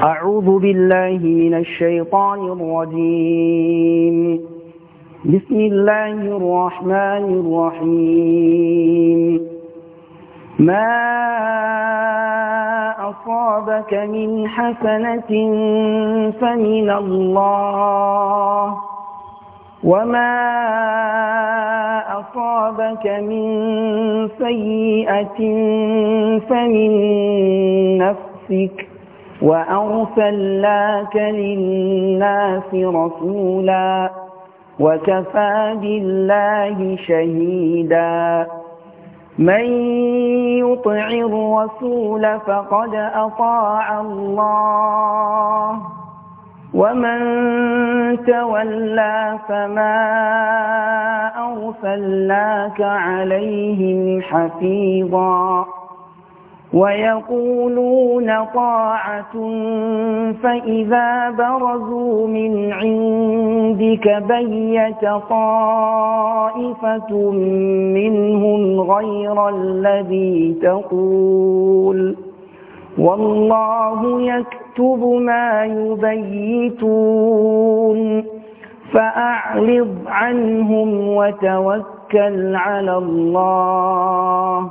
أعوذ بالله من الشيطان الرجيم بسم الله الرحمن الرحيم ما أصابك من حسنة فمن الله وما أصابك من سيئة فمن نفسك وأرسلناك للناس رسولا وكفى بالله شهيدا من يطع الرسول فقد أطاع الله ومن تولى فما أرسلناك عليهم حفيظا ويقولون طاعة فإذا برزوا من عندك بيت طائفة منهم غير الذي تقول والله يكتب ما يبيتون فأعرض عنهم وتوكل على الله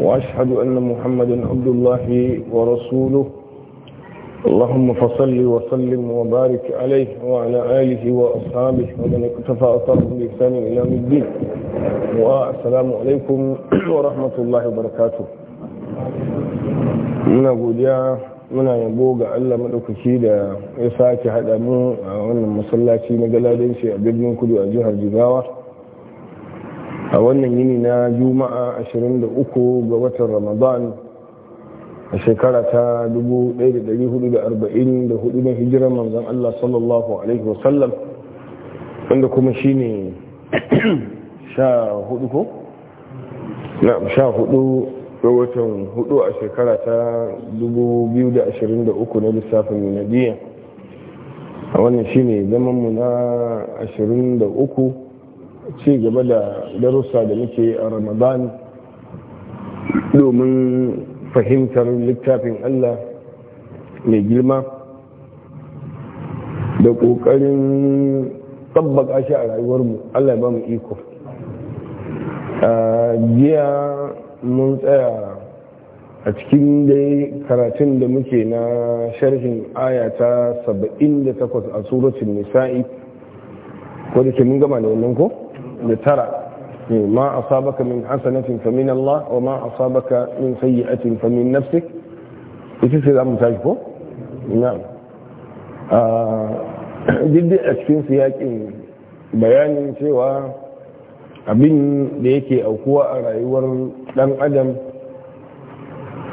وأشهد أن محمد عبد الله ورسوله اللهم فصل وسلم وبارك عليه وعلى آله وأصحابه ومن اكتفى أثره بإحسان إلى الدين والسلام عليكم ورحمة الله وبركاته من أقول يا muna yabo ga Allah maɗaukaki da ya sake haɗa mu a wannan masallaci na galadinci a birnin a wannan yini na juma'a 23 ga watan ramadan a shekara ta 1444 na hijirar manzan Allah sallallahu alaihi wasallam wanda kuma shi ne ko? na 14 ga watan 4 a shekara ta 2023 na lissafin yunadiyya a wannan shi ne zamanmu na 23 ci gaba da darussa da muke a ramadan domin fahimtar littafin allah mai girma da ƙoƙarin tabbaka shi a rayuwarmu allah ya ba mu iko jiya mun tsaya a cikin dai karatun da muke na sharhin aya ta 78 a suratun nisa'i da ke mun gama da wannan ko? لترى ما أصابك من حسنة فمن الله وما أصابك من سيئة فمن نفسك يتسي ذا متاجبه نعم جدي أشكين سياكين bayanin cewa abin da yake aukuwa a rayuwar ɗan adam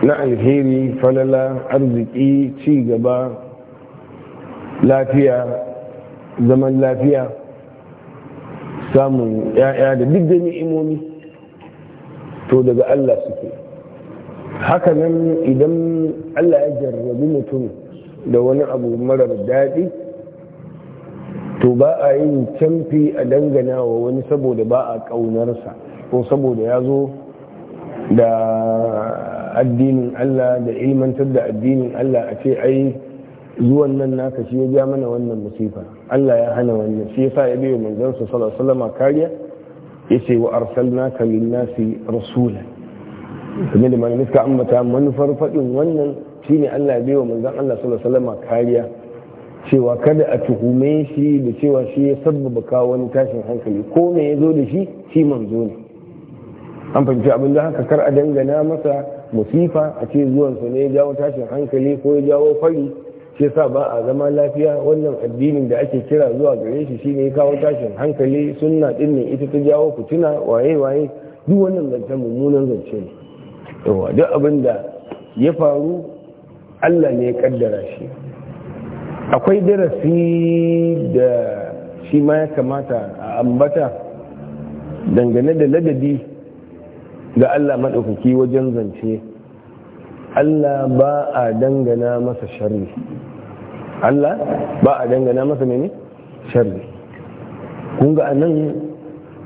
na alheri falala arziki ci gaba lafiya zaman lafiya samun ya'ya da duk da ni'imomi to daga Allah suke haka nan idan Allah ya jarrabi mutum da wani abu marar daɗi to ba a yin canfi a dangana wa wani saboda ba a ƙaunarsa ko saboda ya zo da addinin Allah da ilmantar da addinin Allah a ce ai zuwan nan naka shi ya ja mana wannan musifa Allah ya hana wannan shi yasa ya biyo manzon sa sallallahu alaihi wasallam kariya yace wa arsalnaka lin-nasi rasula kuma da malamin suka ambata manufar fadin wannan shine Allah ya biyo manzon Allah sallallahu alaihi wasallam kariya cewa kada a tuhume shi da cewa shi ya sabbaba kawo wani tashin hankali ko me ya zo da shi shi manzo ne an fahimci abin da haka kar a dangana masa musifa a ce zuwansa ne ya jawo tashin hankali ko ya jawo fari shi sa ba a zama lafiya wannan addinin da ake kira zuwa gare shi shine ya kawo tashin hankali sunna din ita ta jawo fitina waye waye duk wannan zancen mummunan zance ne yawa duk abin da ya faru Allah ne ya kaddara shi akwai darasi da shi ma ya kamata a ambata dangane da ladabi ga Allah maɗaukaki wajen zance Allah ba a dangana masa sharri Allah ba a dangana masa mene sharri kun ga anan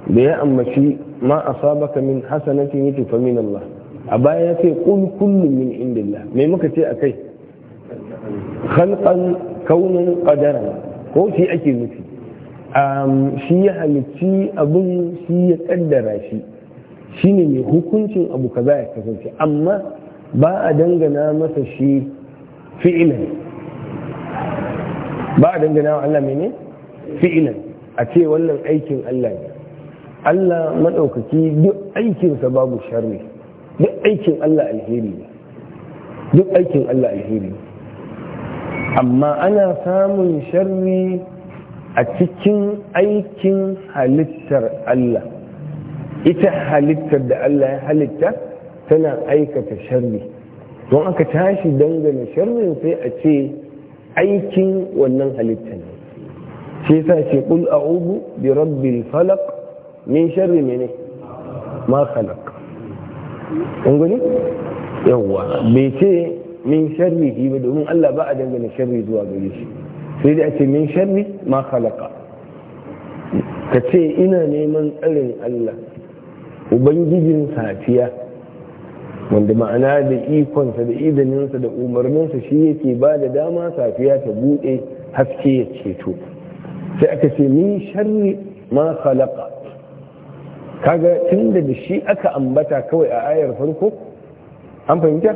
da ya ambaci ma a asabaka min hasanatin yake fa min Allah a baya ya ce kul kullum min indillah me muka ce a kai? khalqan kaunan qadaran ko shi ake nufi shi ya halicci abun shi ya kaddara shi shine mai hukuncin abu kaza ya kasance amma ba a dangana masa shi fi'ilan ba a dangana wa Allah mene fi'ilan a ce wannan aikin Allah ne Allah maɗaukaki duk aikinsa babu sharri duk aikin Allah alheri ne duk aikin Allah alheri amma ana samun sharri a cikin aikin halittar Allah ita halittar da Allah ya halitta tana aikata sharri don aka tashi dangane sharrin sai a ce aikin wannan halitta ne Sai sa ce kul a'udhu bi rabbil falaq min sharri mene ma khalaq kun gani yawa bai ce min sharri sharrihi ba domin Allah ba a dangane sharri zuwa gare shi sai dai a ce min sharri ma khalaqa ka ce ina neman tsarin Allah ubangijin safiya wanda ma'ana da ikonsa da idaninsa da umarninsa shi yake ba da dama safiya ta buɗe haske ya ceto sai aka ce min sharri ma khalaqa kaga tun da shi aka ambata kawai a ayar farko an fahimta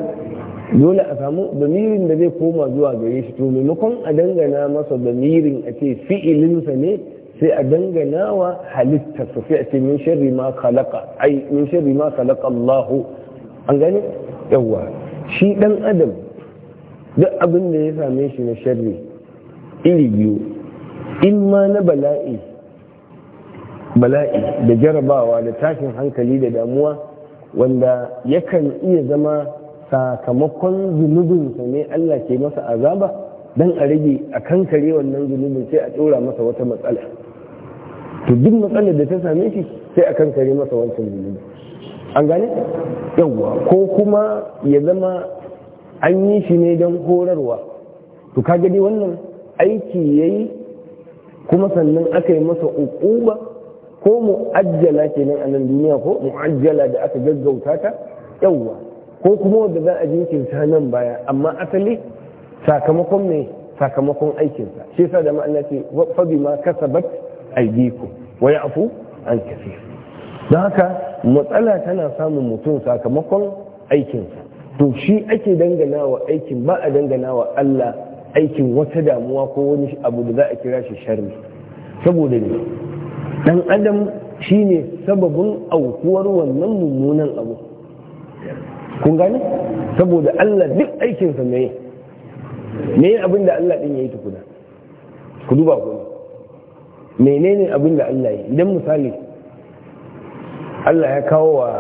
dole a samu damirin da zai koma zuwa gare shi to maimakon a dangana masa damirin a ce fi'ilinsa ne sai a dangana wa halittarsa sai a ce min sharri ma khalaqa ai min sharri ma khalaqa Allahu an gani yawa shi dan adam duk abin da ya same shi na sharri iri biyu in ma na bala'i bala'i da jarabawa da tashin hankali da damuwa wanda yakan iya zama sakamakon zunubinsa ne Allah ke masa azaba dan a rage a kankare wannan zunubin sai a tsora masa wata matsala to duk matsalar da ta same shi sai a kankare masa wancan zunubin an gane yawwa ko kuma ya zama an yi shi ne don horarwa to ka gani wannan aiki ya yi kuma sannan aka yi masa ukuba ko mu'ajjala kenan a nan duniya ko mu'ajjala da aka gaggauta ta yawwa ko kuma wanda za a jinkirta nan baya amma asali sakamakon mai sakamakon aikinsa shi yasa da ma'ana ce fa bima kasabat aydikum wa ya'fu an kaseer don haka matsala tana samun mutum sakamakon aikinsa to shi ake dangana wa aikin ba a dangana wa Allah aikin wata damuwa ko wani abu da za a kira shi sharri saboda ne dan adam shi ne sababin aukuwar wannan mummunan abu kun gane saboda Allah duk aikinsa mai me abin da Allah din yayi tukuna ku duba ku menene abin da Allah yi idan misali Allah ya kawo wa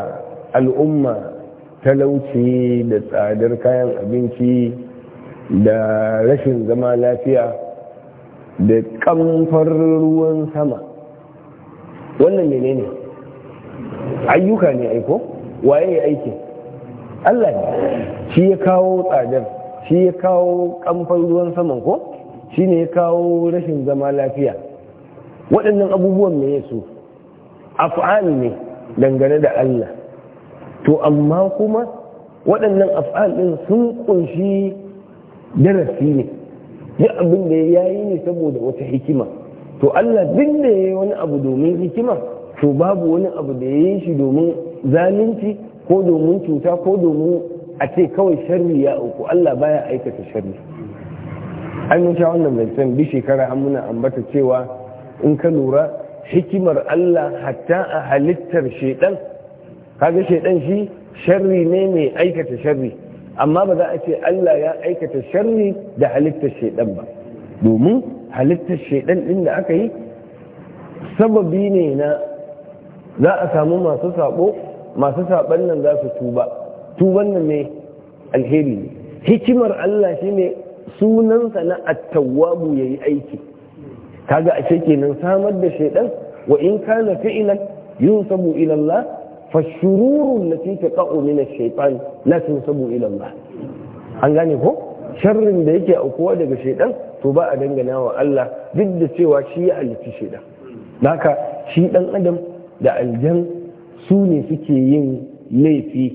al'umma talauci da tsadar kayan abinci da rashin zama lafiya da kamfar ruwan sama wannan menene ayyuka ne aiko waye ya aiki Allah ne shi ya kawo tsadar shi ya kawo kamfar ruwan saman ko shi ne ya kawo rashin zama lafiya waɗannan abubuwan me ya afu'an ne dangane da Allah to amma kuma waɗannan af'alin ɗin sun kunshi darasi ne ya abin da ya yi ne saboda wata hikima to Allah duk da ya yi wani abu domin hikima to babu wani abu da ya yi shi domin zalunci ko domin cuta ko domin a ce kawai sharri ya uku Allah baya aikata sharri an yi sha wannan zancen bi shekara an muna ambata cewa in ka lura hikimar Allah hatta a halittar shaidan kaga shaidan shi sharri ne mai aikata sharri amma ba za a ce Allah ya aikata sharri da halittar shaidan ba domin halittar shaidan din da aka yi sababi ne na za a samu masu sabo masu saban nan za su tuba tuban nan ne alheri ne hikimar Allah shine sunansa na attawwabu yayi aiki kaga a kenan samar da shaidan wa in kana fi'lan yunsabu ila Allah fa shururun lati taqu min ash-shaytan la tunsabu ila Allah an gane ko sharrin da yake aukuwa daga shaidan to ba a dangana wa Allah duk da cewa shi ya halitta shaidan haka shi dan adam da aljan su ne suke yin laifi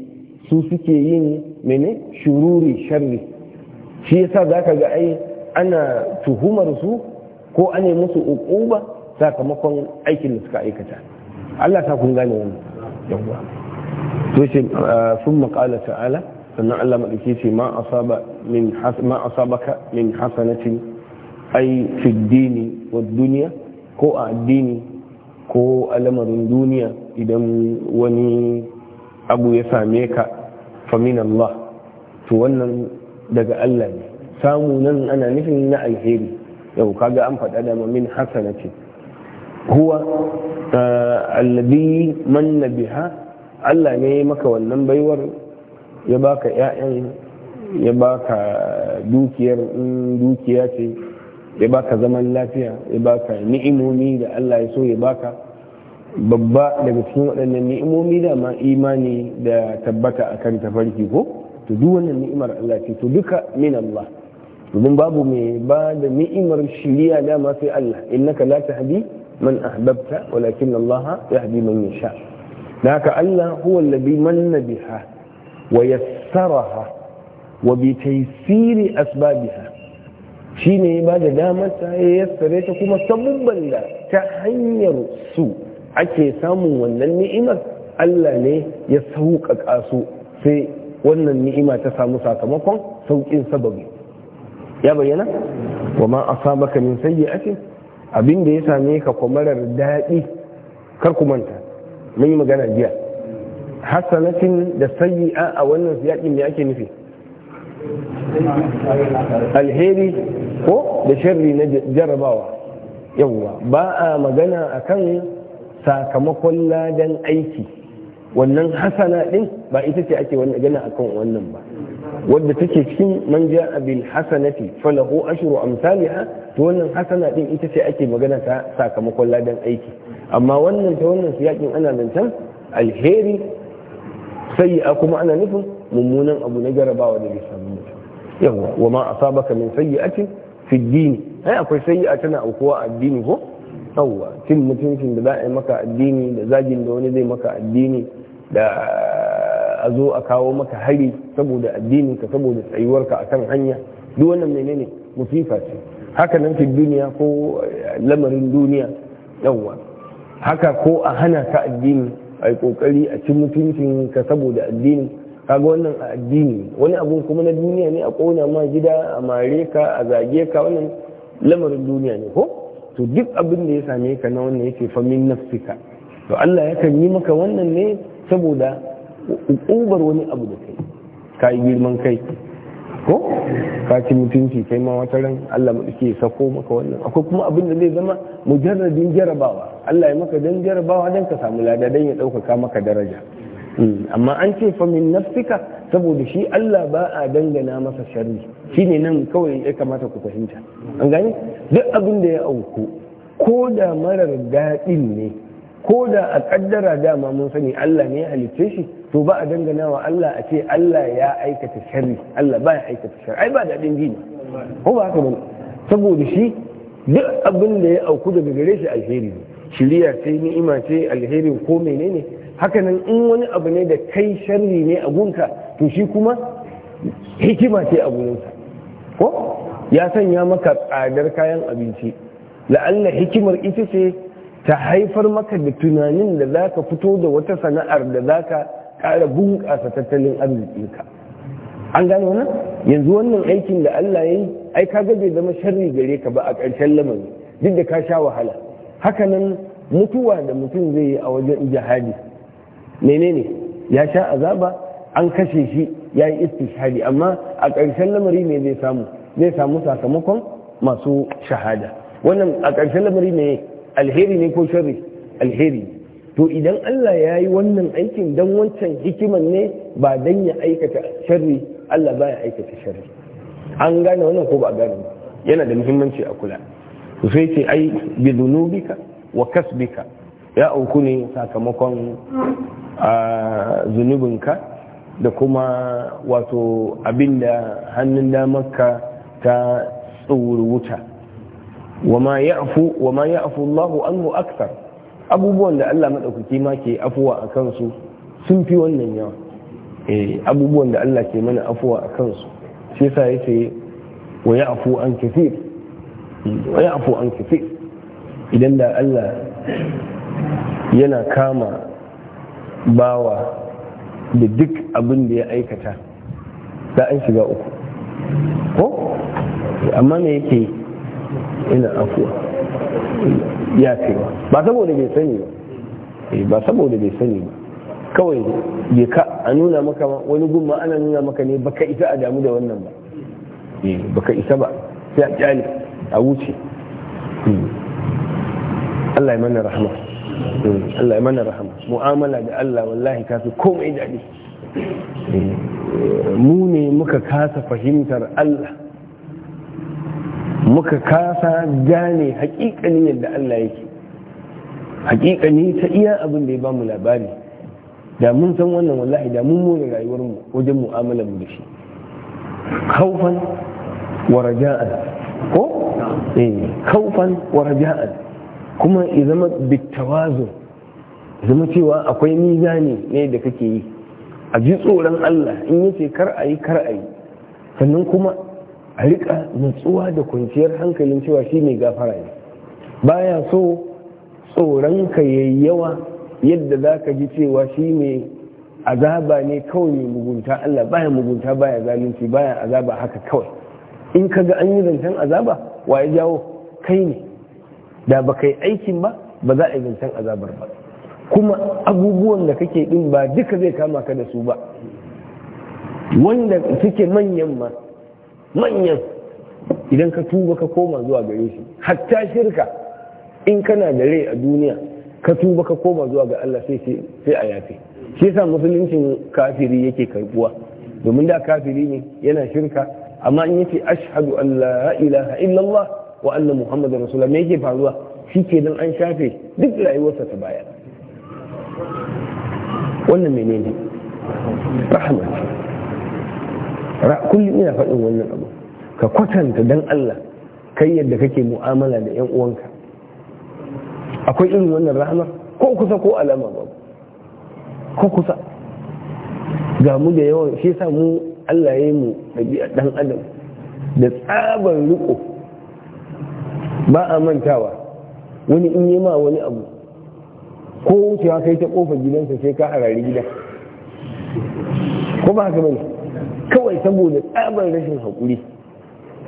su suke yin mene shururi sharri shi yasa zaka ga ai ana tuhumar su ko an yi musu uquba sakamakon aikin da suka aikata Allah ta kun gane wannan yawwa to ah, sun maƙala ta'ala sannan Allah maɗauki ce ma asaba min ma asabaka min hasanatin ai fi dini wa duniya ko a addini ko al'amarin duniya idan wani abu ya same ka min Allah to wannan daga Allah ne samu nan ana nufin na alheri yau kaga an faɗa da min hasanati huwa uh, alladhi manna biha Allah ne ya maka wannan baiwar ya baka ƴaƴan ya baka dukiyar dukiya ce ya baka zaman lafiya ya baka ni'imomi da Allah ya so ya baka babba daga cikin waɗannan ni'imomi da ma imani da tabbata akan tafarki ko to duk wannan ni'imar Allah ce to duka min Allah domin babu mai ba da ni'imar shiriya dama sai Allah innaka la tahdi man ahbabta walakin Allah yahdi man yasha da Allah huwa alladhi manna biha wa yassaraha wa bi taysiri asbabiha shine ya bada damar ta ya yassare ta kuma sabubban da ta hanyar su ake samun wannan ni'imar Allah ne ya sauƙaƙa su sai wannan ni'ima ta samu sakamakon sauƙin sababi ya bayyana wa ma asabaka min sayyi'atin abin da ya same ka kwamarar daɗi kar ku manta mun yi magana jiya hasanatin da sayyi'a a wannan yaƙin me ake nufi alheri ko da sharri na jarabawa yawwa ba a magana akan sakamakon ladan aiki wannan hasana din ba ita ce ake magana akan wannan ba wadda take cikin man ja'a bil hasanati falahu ashru amsalha to wannan hasana din ita ce ake magana ta sakamakon ladan aiki amma wannan ta wannan siyakin ana zancen alheri a kuma ana nufin mummunan abu na jarabawa da lissafin yawa wa ma asabaka min sayyi'atin fi dini ai akwai sayyi'a tana aukuwa addini ko yawa cin mutuncin da za a yi maka addini da zagin da wani zai maka addini da a zo a kawo maka hari saboda addinin ka saboda tsayuwarka akan hanya duk wannan menene musifa ce haka nan fi duniya ko eh, lamarin duniya yawwa haka ko a hana ka addini a yi kokari a cikin mutuncin ka saboda addini kaga wannan a addini wani abu kuma na duniya ne a kona ma gida a mare ka a zage ka wannan lamarin duniya ne ko to duk abin da ya same ka na wannan yake famin nafsika to Allah yakan yi maka wannan ne saboda ubar wani abu da kai ka yi girman kai ko ka ci mutunci kai ma wata ran Allah mu dake sako maka wannan akwai kuma abin da zai zama mujarradin jarabawa Allah ya maka dan jarabawa dan ka samu lada dan ya ɗaukaka maka daraja hmm. amma an ce fa min nafsika saboda shi Allah ba a dangana masa sharri shine nan kawai ya kamata ku fahimta an gani duk abin da ya auku ko da marar daɗin ne ko da a kaddara dama mun sani Allah ne ya halicce shi to ba a dangana wa Allah a ce Allah ya aikata sharri Allah ba ya aikata sharri ai ba daɗin ji ne ko ba haka ba saboda shi duk abin da ya auku daga gare shi alheri ne shiriya ce ni'ima ce alheri ko menene haka nan in wani abu ne da kai sharri ne a gunka to shi kuma hikima ce a gunka ko ya sanya maka tsadar kayan abinci la'alla hikimar ita ce ta haifar maka da tunanin da za ka fito da wata sana'ar da za ka kara bunƙasa tattalin arzikinka an gane wannan yanzu wannan aikin da Allah ya yi ai ka ga bai zama sharri gare ka ba a ƙarshen lamari duk da ka sha wahala hakanan mutuwa da mutum zai yi a wajen jihadi menene ya sha azaba an kashe shi ya yi istishhadi amma a ƙarshen lamari ne zai samu zai samu sakamakon masu shahada wannan a ƙarshen lamari ne alheri ne ko sharri alheri to idan Allah ya yi wannan aikin dan wancan hikiman ne ba dan ya aikata sharri Allah ba ya aikata sharri an gane wannan ko ba gane yana da muhimmanci a kula sai ce ai bi dunubika wa kasbika ya auku ne sakamakon zunubinka da kuma wato abinda hannun damarka ta tsoro wuta Wa ya'fu wama ya'fu Allahu anhu akthar abubuwan da Allah madaukaki ma ke afuwa a kansu sun fi wannan yawa eh abubuwan da Allah ke mana afuwa a kansu shi yasa yace wa ya'fu an kathir wa ya'fu an kathir idan da Allah yana kama bawa da duk abin da ya aikata da an shiga uku ko amma me yake ina afuwa ya cewa ba saboda bai sani ba ba saboda bai sani ba eh, kawai je ka a nuna maka wani gumma ana nuna maka ne baka isa a damu da wannan ba eh, baka isa ba sai a kyale a wuce hmm. Allah ya mana rahama hmm. Allah ya mana rahama mu'amala da Allah wallahi ka fi komai daɗi eh, mu ne muka kasa fahimtar Allah muka kasa gane hakikani yadda Allah yake hakikani ta iya abin da ya bamu labari da mun san wannan wallahi da mun more rayuwar mu wajen mu'amala mu da shi khaufan wa raja'an ko eh khaufan wa raja'an kuma ya zama bitawazu zama cewa akwai mizani ne da kake yi a ji tsoron Allah in yace kar ayi kar ayi yi sannan kuma a rika nutsuwa da kwanciyar hankalin cewa shi ne gafara ne baya so tsoron ka yayi yawa yadda za ka ji cewa shi mai azaba ne kawai mai mugunta Allah baya mugunta baya zalunci baya azaba haka kawai in ka ga an yi zancen azaba wa ya jawo kai ne da ba yi aikin ba ba za a yi zancen azabar ba kuma abubuwan da kake din ba duka zai kama ka da su ba wanda suke manyan ma manyan idan ka tuba ka koma zuwa gare shi hatta shirka in kana da rai a duniya ka tuba ka koma zuwa ga Allah sai a yafe shi yasa musuluncin kafiri yake karbuwa domin da kafiri ne yana shirka amma in yace ashhadu an la ilaha illallah wa anna muhammadar rasulullah me yake faruwa shi kenan an shafe duk rayuwarsa ta baya wannan menene rahmat kullum ina faɗin wannan abu ka kwatanta dan Allah kai yadda kake mu'amala da 'yan uwanka akwai irin wannan rahama ko kusa ko alama ba ko kusa ga mu da yawan shi sa mu Allah ya yi mu ɗabi'a ɗan adam da tsabar riko ba a mantawa wani in yi ma wani abu ko wucewa kai ta ƙofa gidansa sai ka harari gida. ko ba haka bane kawai saboda tsabar rashin haƙuri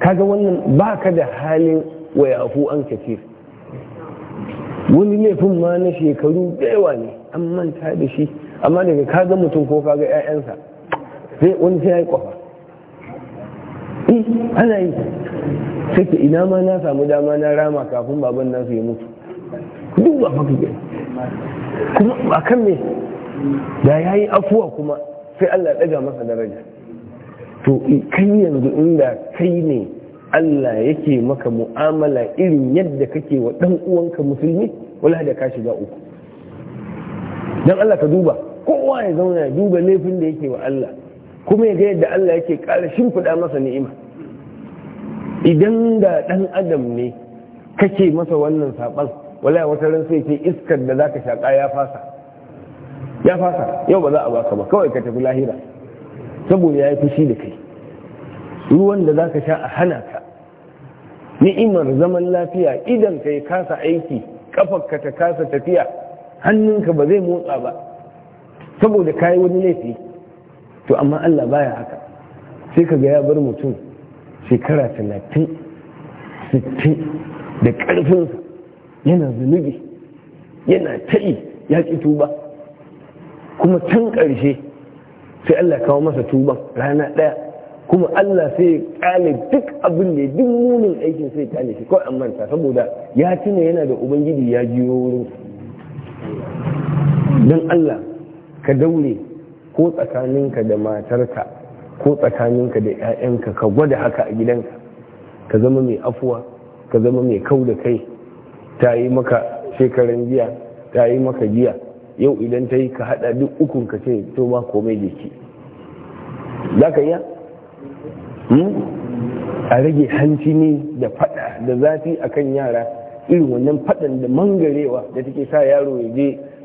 kaga wannan ba ka da halin wayafu an kafir wani laifin ma na shekaru dayawa ne an manta da shi amma daga kaga mutum ko kaga 'ya'yansa sai wani sai ya yi kwafa eh ana yi sai ta ina ma na samu dama na rama kafin baban nasu ya mutu duk ba fa kike kuma akan me da yayi afuwa kuma sai Allah ɗaga masa daraja to kai yanzu inda kai ne Allah yake maka mu'amala irin yadda kake wa dan uwanka musulmi wala da ka shiga uku dan Allah ka duba kowa ya zauna ya duba laifin da yake wa Allah kuma ya ga yadda Allah yake ƙara shimfiɗa masa ni'ima idan da ɗan adam ne kake masa wannan saɓan wallahi wata ran sai ce iskar da zaka shaƙa ya fasa ya fasa yau ba za a baka ba kawai ka tafi lahira saboda ya yi fushi da kai ruwan da za ka sha a hana ka ni'imar zaman lafiya idan ka kasa aiki ka ta kasa tafiya hannunka ba zai motsa ba saboda ka yi wani laifi to amma Allah baya haka sai ka ga ya bar mutum shekara talatin sittin da ƙarfinsa yana zunubi yana ta'i ya ƙi tuba kuma can ƙarshe sai Allah ya kawo masa tuba rana ɗaya kuma Allah sai ya kyale duk abin da duk munin aikin sai kyale shi kawai an manta saboda ya tuna yana da ubangiji ya jiyo wurin don Allah ka daure ko tsakaninka da matarka ko tsakaninka da 'ya'yanka ka gwada haka a gidanka ka zama mai afuwa ka zama mai kau da kai ta yi maka shekaran jiya ta yi maka jiya yau idan ta yi ka hada duk ukun ka ce to ba komai da ke za ka iya? Hmm? a rage hanci ne da fada da zafi a kan yara irin wannan fadan da mangarewa da take sa yaro ya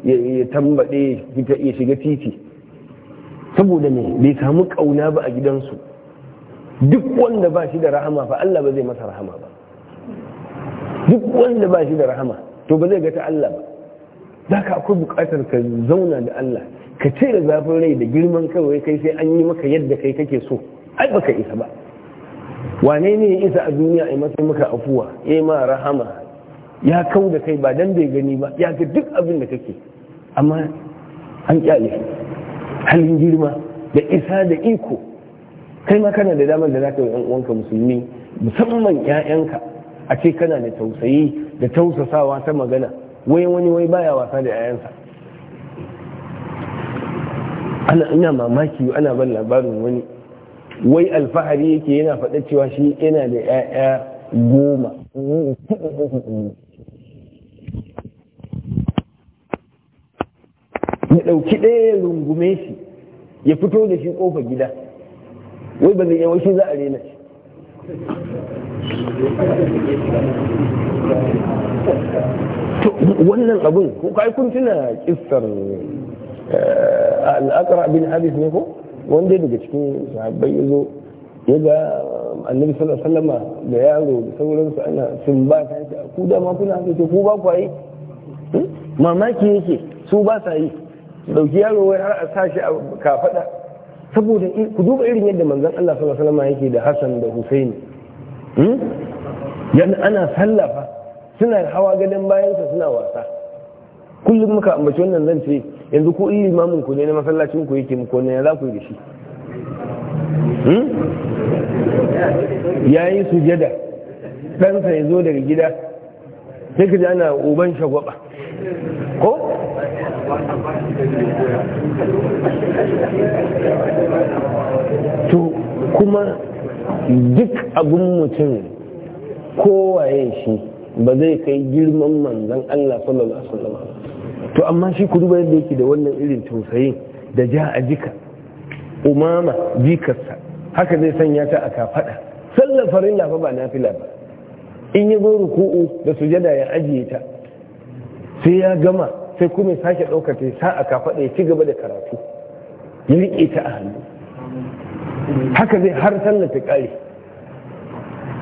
je ya tambade ya shiga titi saboda ne bai samu kauna ba a gidansu duk wanda ba shi da rahama fa Allah ba zai masa rahama ba duk wanda ba shi da rahama to ba zai ga Allah ba za ka akwai bukatar ka zauna da Allah ka cire zafin rai da girman kawai kai sai an yi maka yadda kai kake so ai baka isa ba wane ne ya isa a duniya a matsayin maka afuwa ya ma rahama ya kau da kai ba dan bai gani ba ya ga duk abin da kake amma an kyale halin girma da isa da iko kai ma kana da damar da za ka yi uwanka musulmi musamman 'ya'yanka a ce kana da tausayi da tausasawa ta magana wai wani wai baya wasa da yayansa ana ina mamaki ana ban labarin wani wai alfahari yake yana faɗa cewa shi yana da 'ya'ya goma ya ɗauki ɗaya rungume shi ya fito da shi ƙofa gida wai ba zai shi za a rena shi to wannan abun ko kai kun tuna kissar eh, al-aqra bin hadith ne ko wanda daga cikin sahabbai yazo ya ga annabi sallallahu alaihi wasallam da yaro da sauransu ana sun ba ta yi ku da ma kuna haka ku ba ku yi hmm? mamaki yake su ba sa yi dauki yaro wai har a shi a kafada saboda ku duba irin yadda manzon Allah sallallahu alaihi wasallam yake da Hassan da Husaini hmm? yana ana sallafa suna hawa gadon bayansa suna wasa kullum muka ambaci wannan zan ce yanzu ko in limamin ku ne na masallacin ku yake muku ne za ku yi da shi hmm? yayi jada ɗansa ya zo daga gida sai ka ji ana uban shagwaba ko to kuma duk abin mutum kowaye shi ba zai kai girman manzan Allah sallallahu alaihi wasallam to amma shi ku duba yadda yake da wannan irin tausayin da ja a jika umama jikarsa haka zai sanya ta a kafada sallar farin lafa ba nafila ba in ya zo ruku'u da sujada ya ajiye ta sai ya gama sai kuma ya sake ɗaukar sa a kafada ya ci gaba da karatu ya rike ta a hannu haka zai har sallar ta ƙare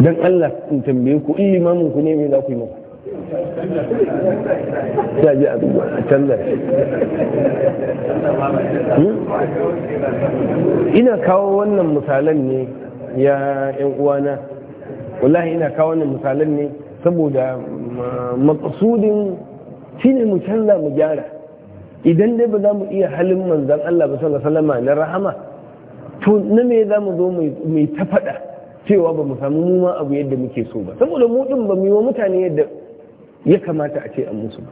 dan Allah in tambaye ku in limamin ku ne me za ku yi masa ya ji a duba a canza hmm? ina kawo wannan misalan ne ya yan uwana wallahi ina kawo wannan misalan ne saboda maqsudin shine mu canza mu gyara idan dai ba za mu iya halin manzan Allah ba sallallahu alaihi na rahama to na me za mu zo mai ta faɗa cewa ba mu samu mu ma abu yadda muke so ba saboda mu din ba mu yi wa mutane yadda ya kamata a ce an musu ba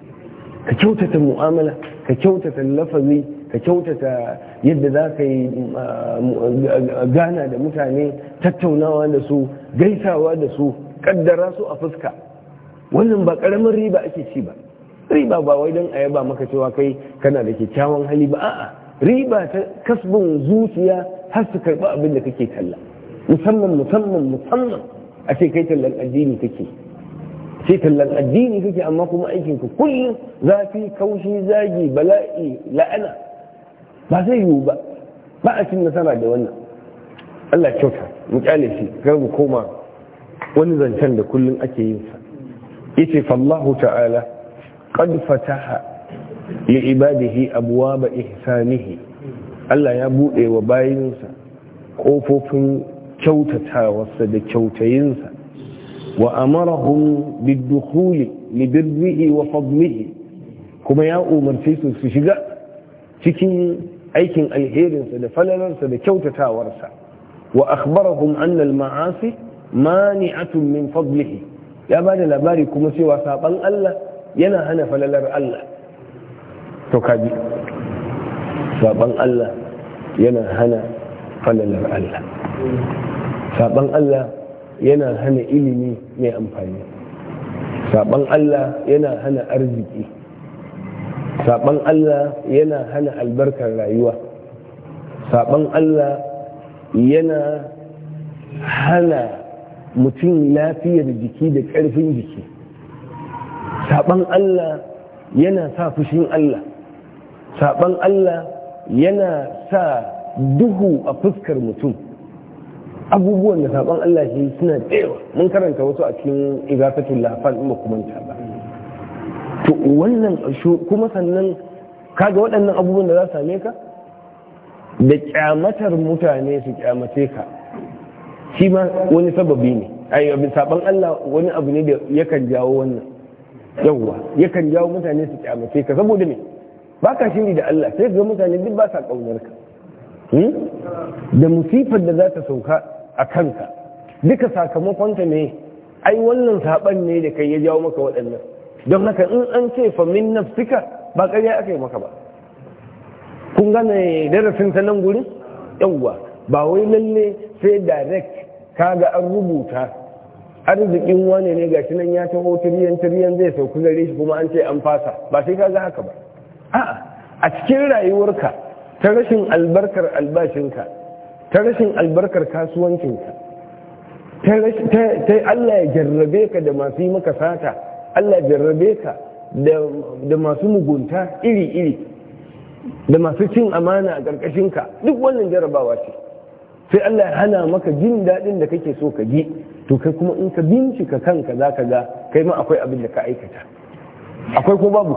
ka kyautata mu'amala ka kyautata lafazi ka kyautata yadda za ka yi ah, gana da mutane tattaunawa da su gaisawa da su kaddara su a fuska wannan ba karamin riba ake ci ba riba ba wai don a yaba maka cewa kai kana da kyakkyawan hali ba a'a riba ta kasbin zuciya har su karɓi abin da kake kalla musamman musamman musamman a ce kai tallan addini kake sai tallan addini kake amma kuma aikin ku kullum zafi kaushi zagi bala'i la'ana ba zai yiwu ba ba a cin nasara da wannan Allah kyauta mu kyale shi kar mu koma wani zancen da kullum ake yin sa yace fallahu ta'ala qad fataha li ibadihi abwaaba ihsanihi Allah ya bude wa bayinsa kofofin kyautatawarsa da kyautayinsa wa amarahum bidukhuli li wa fadlihi kuma ya umarce su su shiga cikin aikin alherinsa da falalarsa da kyautatawarsa wa akhbarahum anna al-ma'asi mani'atun min fadlihi ya ba da labari kuma cewa saban Allah yana hana falalar Allah to kaji saban Allah yana hana falalar Allah saban Allah yana hana ilimi mai amfani saban Allah yana hana arziki saban Allah yana hana albarkar rayuwa saban Allah yana hana mutum lafiyar jiki da ƙarfin jiki saban Allah yana sa fushin Allah saban Allah yana sa duhu a fuskar mutum abubuwan da saban Allah shi suna tsewa mun karanta wasu a cikin igafatul lafan in kuma ta ba to wannan kuma sannan kaga waɗannan abubuwan da za su same ka da kyamatar mutane su kyamace ka shi ma wani sababi ne ai abin saban Allah wani abu ne da yakan jawo wannan yawwa yakan jawo mutane su kyamace ka saboda me baka shiri da Allah sai ga mutane duk ba sa kaunar ka hmm? da musifar da za ta sauka a kanka duka sakamakonta ne ai wannan saban ne da kai ya jawo maka waɗannan don haka in an ce fa min nafsika ba ƙarya aka yi maka ba kun gane darasin ta nan guri yawwa ba wai lalle sai direct kaga an rubuta arzikin wane ne gashi nan ya taho tiriyan tiriyan zai sauku gare shi kuma an ce an fasa ba sai kaga haka ba a'a a cikin rayuwarka ta rashin albarkar albashinka ta rashin albarkar kasuwancinka ta Allah ya jarrabe ka da masu yi maka sata Allah ya jarrabe ka da masu mugunta iri-iri da masu cin amana a ƙarƙashinka duk wannan jarrabawa ce sai Allah ya hana maka jin daɗin da kake so ka ji to kai kuma in ka bincika kanka za ka ga kai ma akwai abin da ka aikata akwai ko babu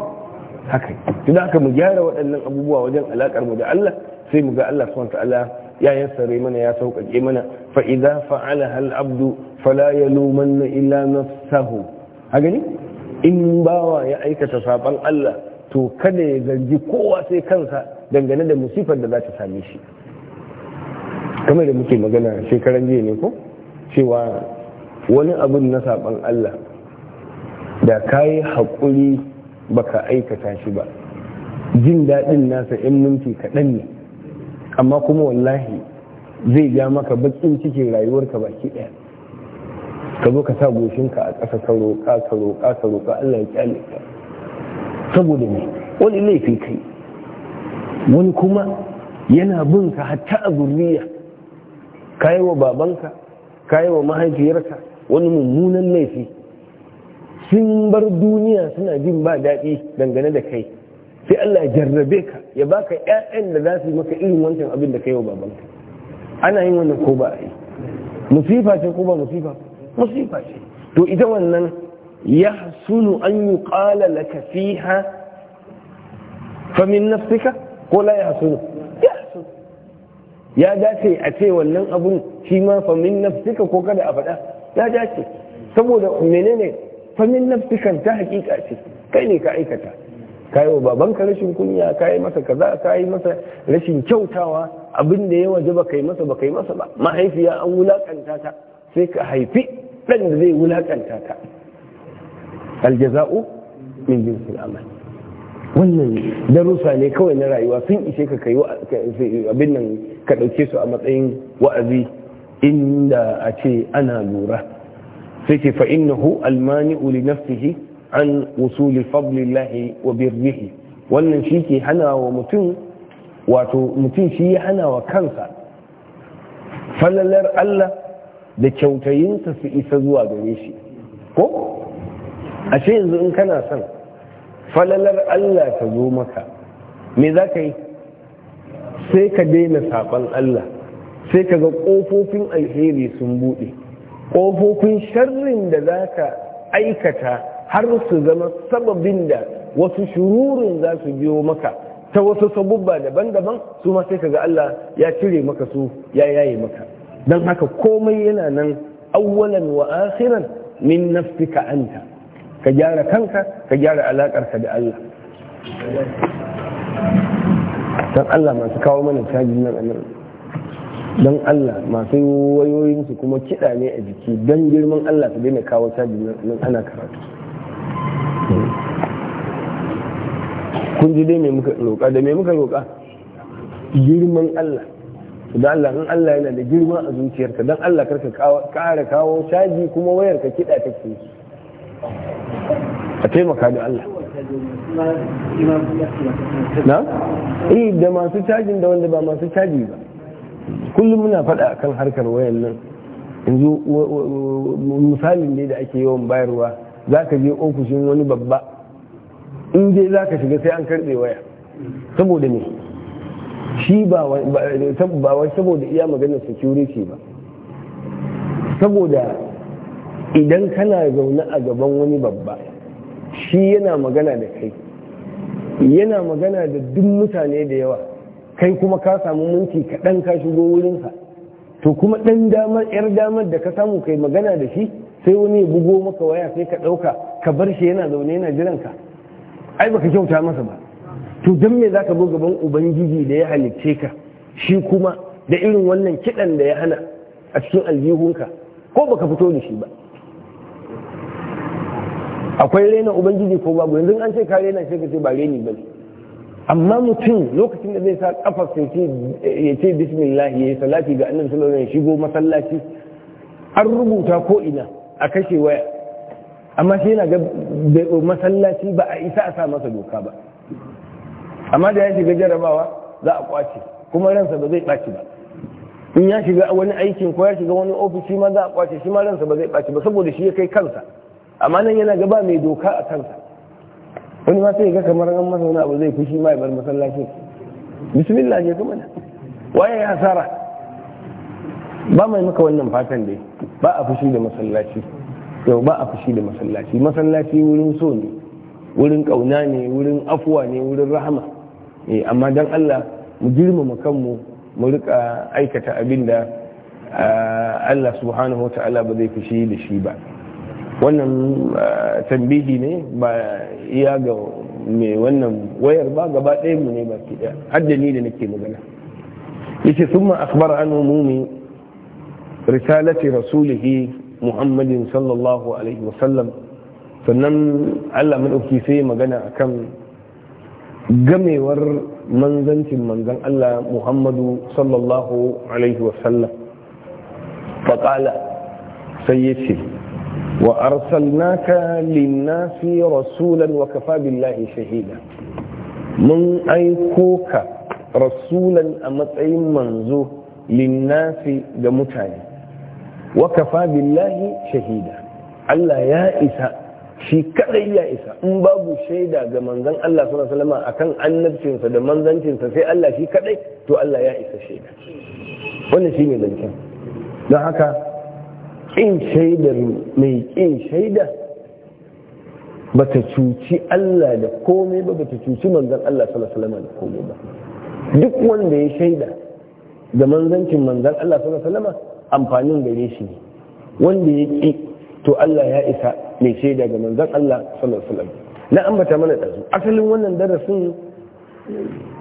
haka tun haka mu gyara waɗannan abubuwa wajen alaƙar mu da Allah sai mu ga Allah subhanahu wa ta'ala ya yassare mana ya sauƙaƙe mana fa idza fa'ala hal abdu fala yalumanna illa nafsahu a gani in bawa ya aikata saban Allah to kada ya zargi kowa sai kansa dangane da musifar da za ta same shi kamar da muke magana shekaran jiya ne ko cewa wani abun na saban Allah da kayi haƙuri baka aikata shi ba jin daɗin nasa 'yan minti kaɗan ne amma kuma wallahi zai ja maka bakin cikin rayuwarka baki ɗaya ka zo ka sa goshinka a ƙasa ka roƙa ka roƙa ka roƙa Allah ya kyale ka saboda ne wani laifi kai wani kuma yana bin ka hatta a zurriya ka wa babanka ka yi wa mahaifiyarka wani mummunan laifi sun bar duniya suna jin ba daɗi dangane da kai sai Allah ya jarrabe ka ya baka ƴaƴan da za su yi maka irin wancan abin da ka yi wa babanka ana yin wannan ko ba a yi musifa ce ko ba musifa musifa ce to ita wannan ya sunu an yi ƙala laka ha famin nafsika ko la ya sunu ya sunu ya dace a ce wannan abun shi ma famin nafsika ko kada a faɗa ya dace saboda menene famin nafsikan ta hakika ce kai ne ka aikata kayi wa babanka rashin kunya kayi masa kaza kayi masa rashin kyautawa abin da ya waje baka yi masa baka yi masa ba mahaifiya an wulakanta ta sai ka haifi dan da zai wulakanta ka aljaza'u min jinsil amal wannan darussa ne kawai na rayuwa sun ishe ka kai abin nan ka dauke su a matsayin wa'azi inda a ce ana lura sai ce fa innahu almani'u li nafsihi an wusuli fadlillahi wa birrihi wannan shi ke hana wa mutum wato mutum shi ya hana wa kansa falalar Allah da kyautayinsa su isa zuwa gare shi ko ashe yanzu in kana son falalar Allah ta zo maka me za ka yi sai ka daina saɓan Allah sai ka ga ƙofofin alheri sun buɗe ƙofofin sharrin da za ka aikata har su zama sababin da wasu shururin za su biyo maka ta wasu sabubba daban-daban su ma sai kaga Allah ya cire maka su ya yaye maka don haka komai yana nan awwalan wa akhiran min nafsika anta ka gyara kanka ka gyara alaƙarka da Allah don Allah masu kawo mana cajin nan anan don Allah masu wayoyinsu kuma kiɗa ne a jiki don girman Allah su daina kawo cajin nan ana karatu kun ji dai mai muka roƙa da mai muka roƙa girman Allah da Allah in Allah yana da girma a zuciyarka don Allah karka kara kawo caji kuma wayar ka kiɗa ta ke a taimaka da Allah na? eh da masu cajin da wanda ba masu caji ba kullum muna faɗa akan harkar wayan nan yanzu misalin ne da ake yawan bayarwa za ka je ofishin wani babba in dai za ka shiga sai an karbe waya saboda ne shi ba wai saboda iya maganar security ba saboda idan kana zaune a gaban wani babba shi yana magana da kai yana magana da duk mutane da yawa kai kuma ka samu minti kaɗan ka shigo wurinka to kuma ɗan damar yar damar da ka samu kai magana da shi sai wani ya bugo maka waya sai ka ɗauka ka bar shi yana zaune yana jiranka. ai baka kyauta masa ba to dan me zaka zo gaban ubangiji da ya halicce ka shi kuma da irin wannan kidan da ya hana a cikin aljihunka ko baka fito da shi ba akwai rena ubangiji ko babu yanzu an ce ka rena sai ka ce ba reni ba amma mutum lokacin da zai sa kafar ya ce bismillah ya yi salati ga annabi sallallahu alaihi wasallam shigo masallaci an rubuta ko ina a kashe waya amma shi yana ga masallaci ba a isa a sa masa doka ba amma da ya shiga jarabawa za a kwace kuma ransa ba zai ɓaci ba in ya shiga wani aikin ko ya shiga wani ofis shi ma za a kwace shi ma ransa ba zai ɓaci ba saboda shi ya kai kansa amma nan yana gaba mai doka a kansa wani ma sai ga kamar an masa wani abu zai shi ma ya bar masallaci bismillah ne kuma da waye ya hasara ba mai maka wannan fatan dai ba a fushi da masallaci yau ba a fushi da masallaci masallaci wurin so ne wurin ƙauna ne wurin afuwa ne wurin rahama eh, amma don allah mu girmama kanmu mu rika aikata abin da ah, allah subhanahu wa ta'ala ba zai fushi da shi ba wannan ah, tambihi ne ba iya ga mai wannan wayar ba gaba ɗaya mu ne ba ke ɗaya Haddani da nake magana yace summa akhbara an umumi risalati rasulihi muhammadin sallallahu alaihi wasallam sannan allah maɗauki sai magana akan gamewar manzancin manzan allah muhammadu sallallahu alaihi wasallam faƙala sai ya ce wa arsalnaka linnasi rasulan wa kafa billahi shahida mun aiko ka rasulan a matsayin manzo linnasi ga mutane wa kafa billahi shahida Allah ya isa shi kadai ya isa in babu shaida ga manzon Allah sallallahu alaihi wasallam akan annabcinsa da sa sai Allah shi kadai to Allah ya isa shaida wannan shine zancen don haka kin shaida mai kin shaida bata cuci Allah da komai ba bata cuci manzon Allah sallallahu alaihi wasallam da komai ba duk wanda ya shaida ga manzancin manzon Allah sallallahu alaihi wasallam amfanin gare shi ne wanda ya ƙi to Allah ya isa mai shaida ga manzon Allah sallallahu alaihi wasallam na ambata mana dazu asalin wannan darasin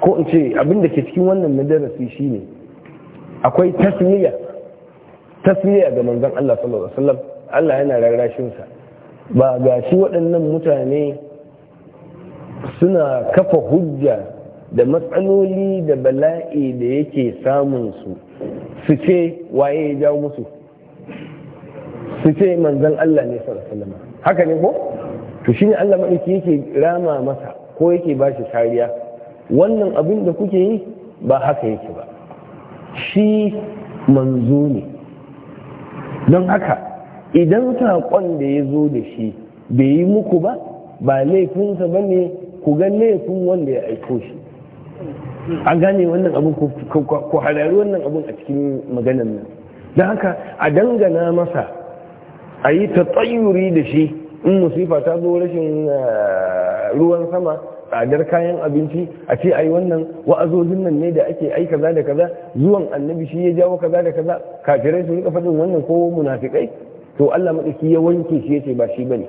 ko in ce abin da ke cikin wannan na darasi shine akwai tasmiya tasmiya ga manzon Allah sallallahu alaihi wasallam Allah yana rarrashin sa ba ga shi waɗannan mutane suna kafa hujja da matsaloli da bala'i da yake samun su su ce waye ya jawo musu su ce manzan Allah ne Sallama. haka ne ko to shi ne Allah madauki yake rama masa ko yake ba shi kariya wannan abin da kuke yi ba haka yake ba shi manzo ne don haka idan saƙon da ya zo da shi bai yi muku ba ba laifinsa ba ne ku ga laifin wanda ya aiko shi an gane wannan abin ko harari wannan abin a cikin maganan nan don haka a dangana masa a yi ta tsayuri da shi in musifa ta zo rashin eh, ruwan sama tsadar kayan abinci a ce a yi wannan wa'azozin nan ne da ake ai kaza da kaza zuwan annabi shi ya jawo kaza da kaza kafirai su rika faɗin wannan ko munafikai to Allah madaki ya wanke shi yace ba shi bane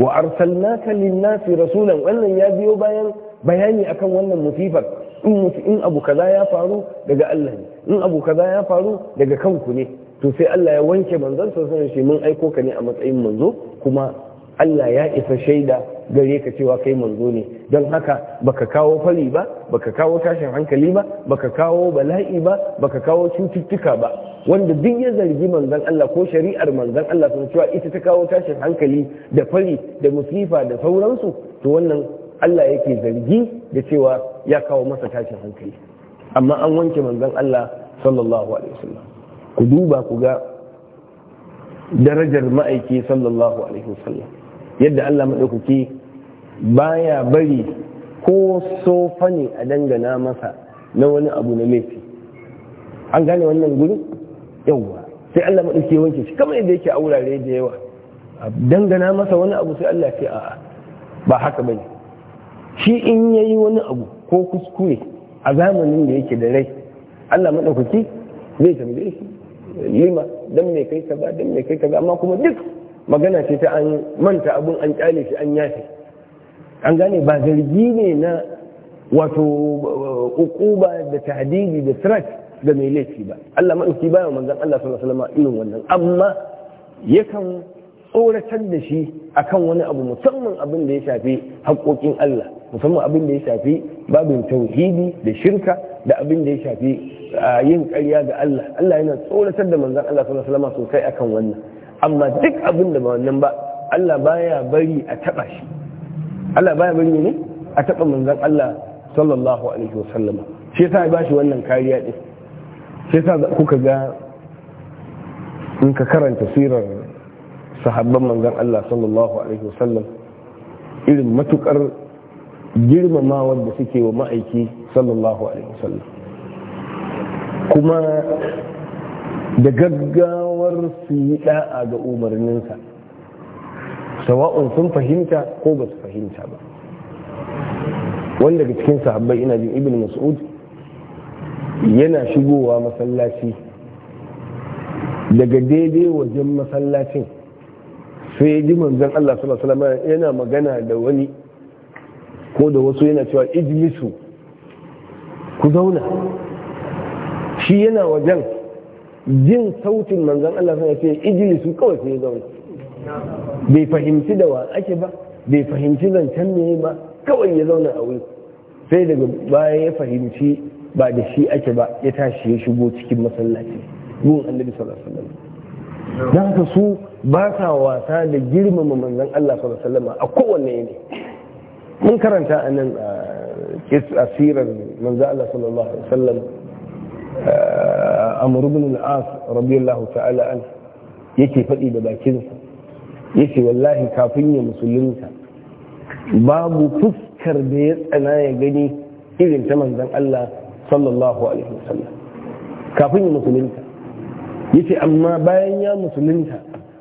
wa arsalnaka lin-nasi rasulan wannan ya biyo bayan bayani akan wannan musifar in abu kaza ya faru daga Allah ne in abu kaza ya faru daga kanku ne to sai Allah ya wanke manzon sa sai shi mun aiko ka ne a matsayin manzo kuma Allah ya isa shaida gare ka cewa kai manzo ne don haka baka kawo fari ba baka kawo tashin hankali ba baka kawo bala'i ba baka kawo cututtuka ba wanda duk ya zargi manzon Allah ko shari'ar manzon Allah sun cewa ita ta kawo tashin hankali da fari da musifa da sauransu to wannan Allah yake zargi da cewa ya kawo masa tashin hankali amma an wanke manzon Allah sallallahu alaihi wasallam ku duba ku ga darajar ma'aiki sallallahu alaihi wasallam yadda Allah madaukaki baya bari ko sofa ne a dangana masa na wani abu na laifi an gane wannan guri yawa sai Allah madauki wanke shi kamar yadda yake a wurare da yawa dangana masa wani abu sai Allah ce a'a ba haka bane shi in ya yi wani abu ko kuskure a zamanin da yake da rai Allah maɗaukaki zai tambaye shi lima dan me kai kaza dan me kai kaza amma kuma duk magana ce ta an manta abun an kyale shi an yafe an gane ba zargi ne na wato ukuba da tahdidi da sirat da mai laifi ba Allah madauki baya manzan Allah sallallahu alaihi wasallam irin wannan amma yakan tsoratar da shi a kan wani abu musamman abin da ya shafi haƙoƙin Allah musamman abin da ya shafi babin tauhidi da shirka da abin da ya shafi yin ƙarya ga Allah Allah yana tsoratar da manzan Allah sallallahu alaihi wasallam sosai akan wannan amma duk abin da ba wannan ba Allah baya bari a taba shi Allah baya bari ne a taba manzan Allah sallallahu alaihi wasallam shi yasa ya bashi wannan kariya ɗin shi yasa kuka ga in ka karanta sirar sahabban manzan Allah sallallahu alaihi wasallam irin matukar girmamawa da suke wa ma'aiki sallallahu alaihi wasallam kuma da gaggawar su yi da'a ga umarninsa sawa'un sun fahimta ko ba su fahimta ba wanda daga cikin sahabbai ina jin ibn mas'ud yana shigowa masallaci daga daidai wajen masallacin sai ya ji manzan Allah sallallahu alaihi yana magana da wani ko da wasu yana cewa ijlisu ku zauna shi yana wajen jin sautin manzan Allah wasallam ya ce ijlisu kawai sai ya zauna bai fahimci da wa ake ba bai fahimci zancen ne ba kawai ya zauna a wuri sai daga baya ya fahimci ba da shi ake ba ya tashi ya shigo cikin masallaci gun annabi sallallahu alaihi wasallam don haka su ba sa wasa da girmama manzon Allah sallallahu alaihi wasallam a kowanne ne mun karanta a nan a sirar manzon Allah sallallahu alaihi wasallam Amr ibn al-As radiyallahu ta'ala an yake faɗi da bakinsa yace wallahi kafin ya musulunta babu fuskar da ya tsana ya gani irin ta manzon Allah sallallahu alaihi wasallam kafin ya musulunta yace amma bayan ya musulunta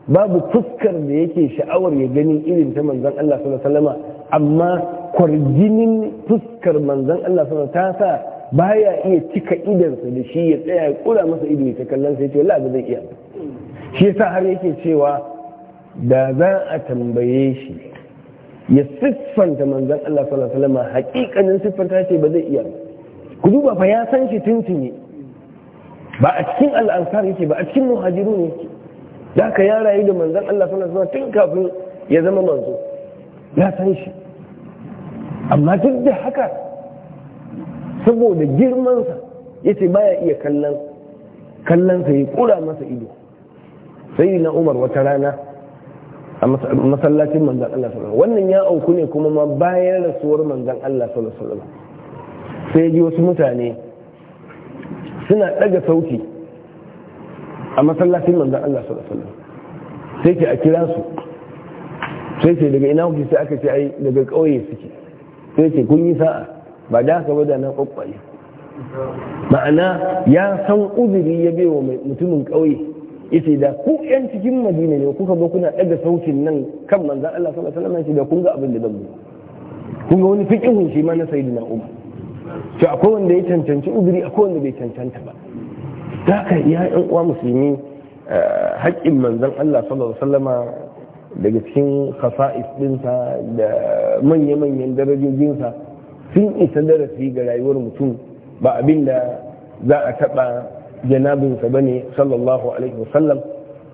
babu fuskar da yake sha'awar ya gani irin ta manzon Allah sallallahu alaihi wasallam amma kwarjinin fuskar manzon Allah sallallahu alaihi wasallam ta sa baya iya cika idansa da shi ya tsaya ya kula masa ido ta kallon sai ce wallahi zai iya shi yasa har yake cewa da za a tambaye shi ya siffanta manzon Allah sallallahu alaihi wasallam hakikanin siffanta ce ba zai iya ku duba fa ya san shi tuntuni ba a cikin al'ansar yake ba a cikin muhajiru ne yake da ka ya rayu da manzan Allah sallallahu alaihi wasallam tun kafin ya zama manzo ya san shi amma duk da haka saboda girmansa yace baya iya kallon kallon sa ya kura masa ido sai na Umar wata rana a masallacin manzan Allah sallallahu wannan ya auku ne kuma ma bayan rasuwar manzan Allah sallallahu alaihi wasallam sai ji wasu mutane suna daga sauti a masallacin manzan Allah sallallahu alaihi sai ke a kira su sai ke daga ina kuke sai aka ce ai daga ƙauye suke sai ke kun yi sa'a ba da haka ba da na kwakwaye ma'ana ya san uzuri ya bai wa mutumin ƙauye yace da ku yan cikin madina ne kuka zo kuna daga sautin nan kan manzan Allah sallallahu alaihi wasallam da kun ga abin da zan kun ga wani fiqihun shi ma na sayyidina Umar to akwai wanda ya cancanci uzuri akwai wanda bai cancanta ba da haka ya yan uwa musulmi eh, haƙƙin manzon Allah sallallahu alaihi wasallama daga cikin khasa'is dinsa da manya-manyan darajojinsa sun isa darasi ga rayuwar mutum ba abin da za a taɓa janabinsa ba ne sallallahu alaihi wasallam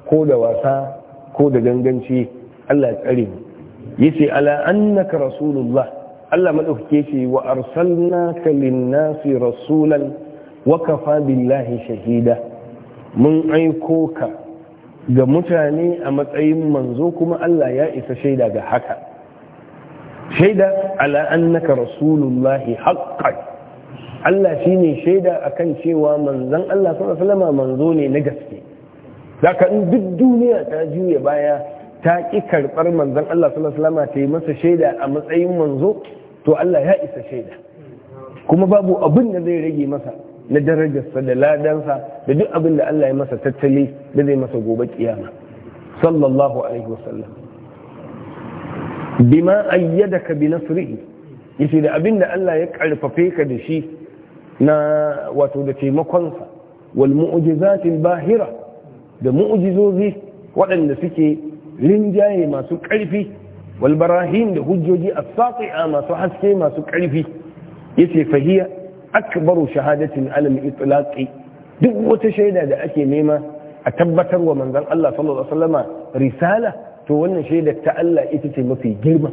ko da wasa ko da ganganci Allah ya tsare mu yace ala annaka rasulullah Allah madaukake ce wa arsalnaka lin-nasi rasulan wa kafa billahi shahida mun aiko ka ga mutane a matsayin manzo kuma Allah ya isa shaida ga haka shaida ala annaka rasulullahi haqqan Allah shine shaida akan cewa manzon Allah sallallahu alaihi manzo ne na gaske zaka in duk duniya ta juya baya ta ki karbar manzon Allah sallallahu alaihi ta yi masa shaida a matsayin manzo to Allah ya isa shaida kuma babu abin da zai rage masa na darajarsa da ladansa da duk abin da Allah ya masa tattali da zai masa gobe kiyama sallallahu alaihi wasallam bima ayyadaka bi nasrihi yace da abin da Allah ya karfafe ka da shi na wato da taimakonsa wal mu'jizatil bahira da mu'jizozi waɗanda suke rinjaye masu ƙarfi والبراهين لهجوجي الساطع ما تحسي ما تكعرفي يسي فهي أكبر شهادة على الإطلاق دقوة شهيدة دا أكي ميما أتبتر ومن ذن الله صلى الله عليه وسلم رسالة تولن شهيدة تألا إتتي مفي جرمة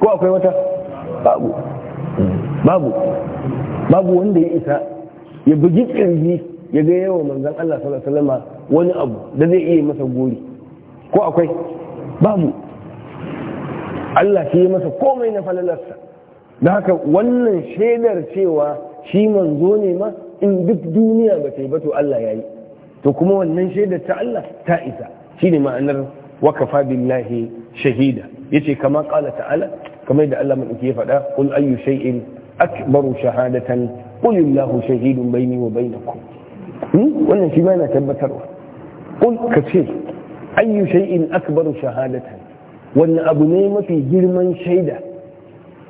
كو أكوي متى بابو بابو بابو عند إيسا يبجيب إرجي يجي ومن ذن الله صلى الله عليه وسلم وني أبو دا إيه مثل قولي كو أكوي بابو Allah shi masa komai na falalarsa da haka wannan shaidar cewa shi manzo ne ma in duk duniya ba ta yi ba to Allah ya yi to kuma wannan shaidar ta Allah ta isa shi ne ma'anar wakafa billahi shahida Ya ce kama kala ta'ala kamar da Allah madauki ya faɗa kul ayyu shay'in akbaru shahadatan qul illahu shahidun baini wa bainakum hmm? wannan shi ma yana tabbatarwa kul kace ayyu shay'in akbaru shahadatan wani abu ne mafi girman shaida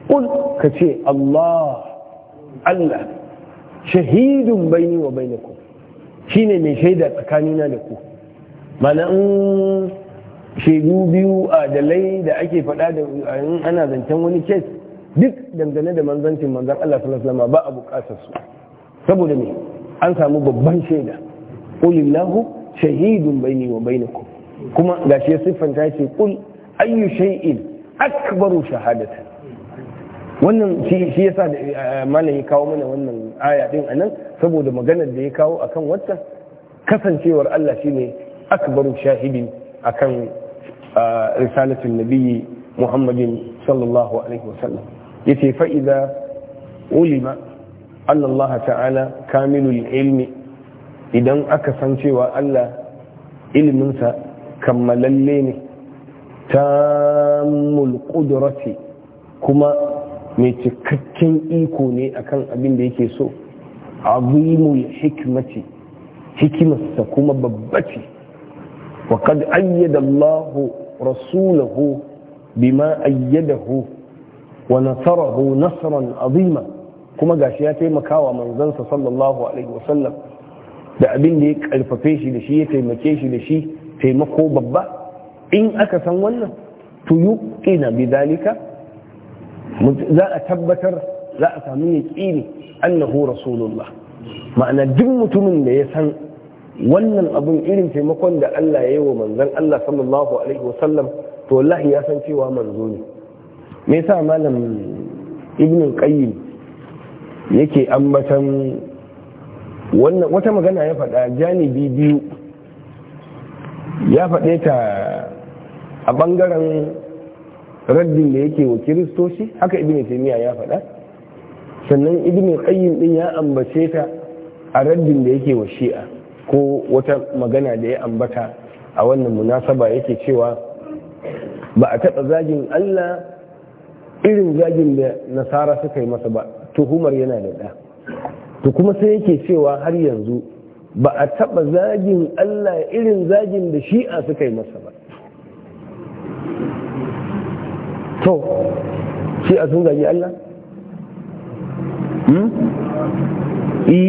ƙul ka ce Allah Allah shahidun baini wa Shi ne mai shaida tsakanina da ku mana in shaidu biyu a dalai da ake faɗa da ana zancen wani kes duk dangane da manzancin manzan Allah sallallahu ba a bukatar su saboda me an samu babban shaida qulillahu shahidun baini wa bainakum kuma gashi ya siffanta shi qul ayyu shay'in akbaru shahadata wannan shi yasa da eh, malam ya kawo mana wannan aya din anan saboda maganar da ya kawo akan wata kasancewar Allah shine akbaru shahidin akan ah, risalatul nabiyyi Muhammadin sallallahu alaihi wasallam yace fa idza ulima anna Allah ta'ala kamilul ilmi idan aka san cewa Allah iliminsa kammalalle ne tamul qudrati kuma mai cikakken iko ne akan abin da yake so azimul hikmati hikimarsa kuma babbaci. wa kad ayyada Allah rasulahu bima ayyadahu wa nasarahu nasran azima kuma gashi ya taimaka wa manzansa sallallahu alaihi wasallam da abin da ya karfafe shi da shi ya taimake shi da shi taimako babba in aka san wannan to yuqina bidhalika za a tabbatar za a samu yaqini annahu rasulullah ma'ana duk mutumin da ya san wannan abun irin taimakon da Allah ya yi wa manzon Allah sallallahu alaihi wasallam to wallahi ya san cewa manzo ne me yasa malam ibn qayyim yake ambatan wannan wata magana ya faɗa janibi biyu ya faɗe ta a bangaren raddin da yake wa kiristoci haka ibn taymiya ya faɗa sannan ibn qayyim ɗin ya ambace ta a raddin da yake wa shi'a ko wata magana da ya ambata a wannan munasaba yake cewa ba a taɓa zagin Allah irin zagin da nasara suka yi masa ba tuhumar yana da ɗa to kuma sai yake cewa har yanzu ba a taɓa zagin Allah irin zagin da shi'a suka yi masa ba to shi a sun zagi Allah yi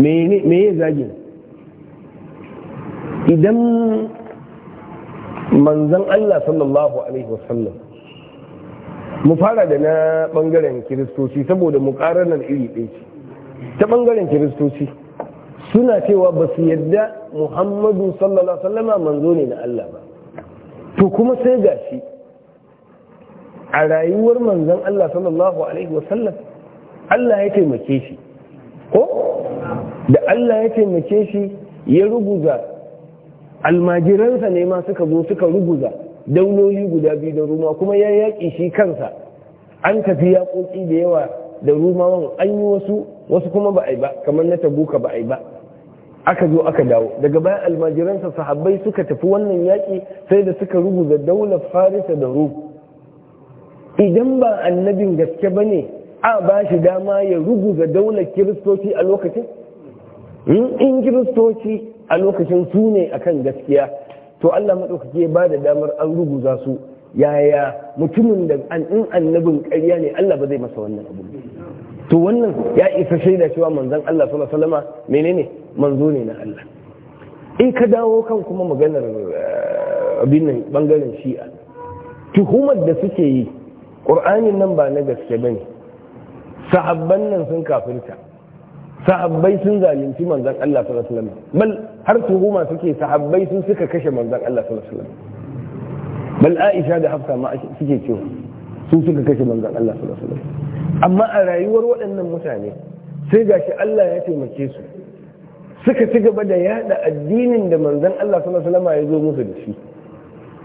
me ya zagi idan manzan Allah sallallahu alaihi wasallam mu fara da na bangaren kiristoci saboda mu iri ɗaya ta bangaren kiristoci suna cewa ba su yadda muhammadu sallallahu alaihi wasallama manzo ne na Allah ba to kuma sai gashi a rayuwar manzon Allah sallallahu alaihi wasallam Allah ya taimake shi ko da Allah ya taimake shi ya ruguza almajiransa ne ma suka zo suka ruguza daunoyi guda biyu da ruma kuma ya yaƙi shi kansa an tafi yaƙoƙi da yawa da rumawan an yi wasu wasu kuma ba a yi ba kamar na tabuka ba a yi ba aka zo aka dawo daga bayan almajiransa sahabbai suka tafi wannan yaƙi sai da suka ruguza daular farisa da rum idan ba annabin gaske ba ne a ba shi dama ya ruguza daular kiristoci a lokacin hmm? in kiristoci a lokacin su ne akan gaskiya to Allah maɗaukaki ba da damar an ruguza su yaya mutumin da in annabin ƙarya ne Allah ba zai masa wannan abu to wannan ya isa shaida cewa manzon Allah sallallahu alaihi menene manzo ne na Allah in ka dawo kan kuma maganar eh, abin nan bangaren shi'a tuhumar da suke yi ƙur'anin nan ba na gaske ba ne sahabban nan sun kafirta sahabbai sun zalunci manzan Allah sallallahu alaihi wasallam bal har tuhuma suke sahabbai sun suka kashe manzan Allah sallallahu alaihi wasallam bal Aisha da Hafsa ma suke cewa sun suka kashe manzan Allah sallallahu alaihi wasallam amma a rayuwar waɗannan mutane sai gashi Allah ya taimake su suka ci gaba da yada addinin da manzan Allah sallallahu alaihi wasallam ya zo musu da shi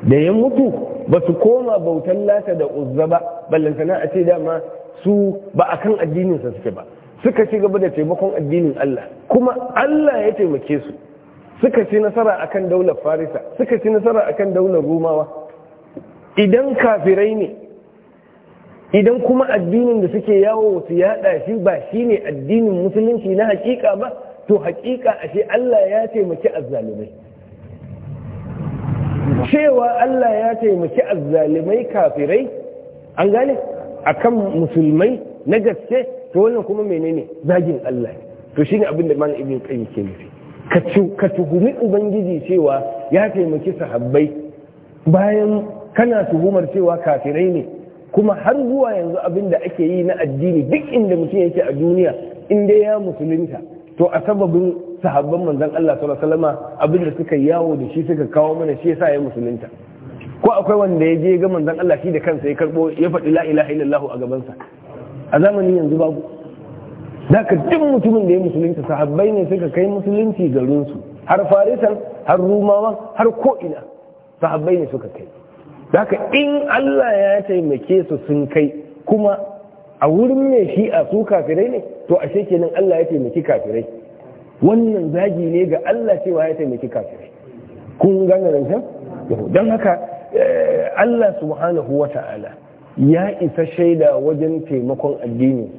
da ya mutu ba su koma bautan lata da uzza ba ballantana a ce dama su ba a kan addininsa suke ba suka ci gaba da taimakon addinin Allah kuma Allah ya taimake su suka ci nasara akan daular farisa suka ci nasara akan daular rumawa idan kafirai ne idan kuma addinin da suke yawo su yaɗa shi ba shi ne addinin musulunci na hakika ba to hakika ashe Allah ya taimaki azzalumai cewa Allah ya taimaki azzalimai kafirai an gane akan musulmai na gaske to wannan kuma menene zagin Allah to shine abin da malamin ibn qayyim ke nufi ka tuhumi ubangiji cewa ya taimaki sahabbai bayan kana tuhumar cewa kafirai ne kuma har zuwa yanzu abin da ake yi na addini duk inda mutum yake a duniya in dai ya musulunta to a sababin sahabban manzan Allah sallallahu alaihi wasallam abin da suka yawo da shi suka kawo mana shi yasa ya musulunta ko akwai wanda ya je ga manzan Allah shi da kansa ya karbo ya faɗi la ilaha illallah a gaban sa a zamanin yanzu babu daga duk mutumin da ya musulunta sahabbai ne suka kai musulunci garin su har farisan har rumawa har ko ina sahabbai ne suka kai daga in Allah ya taimake su sun kai kuma a wurin mai shi'a su kafirai ne to ashe nan Allah ya taimaki kafirai wannan zagi ne ga Allah cewa ya taimaki kafirai kun gane rancen don haka eh, Allah subhanahu wa ta'ala ya isa shaida wajen taimakon addini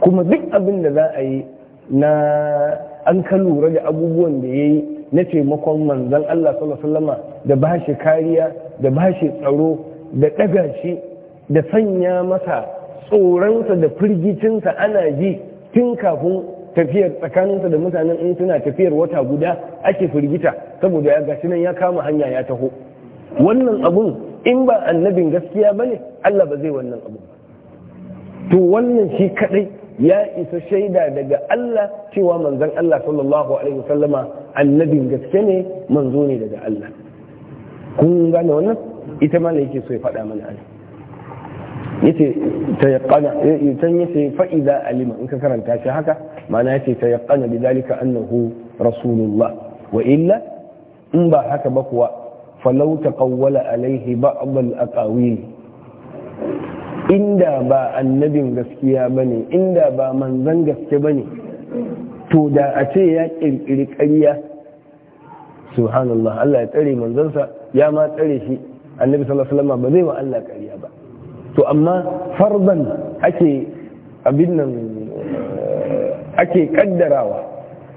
kuma duk abin da za a yi na an ka lura da abubuwan da ya yi na taimakon manzan Allah sallama da ba shi kariya da ba shi tsaro da ɗaga shi da sanya masa tsoronsa da firgicinsa ana ji tun kafin tafiyar tsakaninsa da mutanen in suna tafiyar wata guda ake firgita saboda ya gashi nan ya kama hanya ya taho wannan abun in ba annabin gaskiya ba ne Allah ba zai wannan abun to wannan shi kadai ya isa shaida daga Allah cewa manzan Allah sallallahu alaihi wasallama annabin gaske ne manzo ne daga Allah kun gane wannan ita ma ne yake so ya faɗa mana Allah yace tayaqqana tan eh, yace fa idza alima in ka karanta shi haka ma'ana yace tayaqqana bidalika annahu rasulullah wa illa in ba haka ba kuwa falau taqawwala alaihi ba'd al-aqawil inda ba annabin gaskiya bane inda ba manzan gaske bane to da a ce ya kirkiri ƙarya subhanallah Allah ya tsare manzansa ya ma tsare shi annabi sallallahu alaihi wasallam ba zai wa Allah ƙarya ba to amma farban ake abin eh, kaddarawa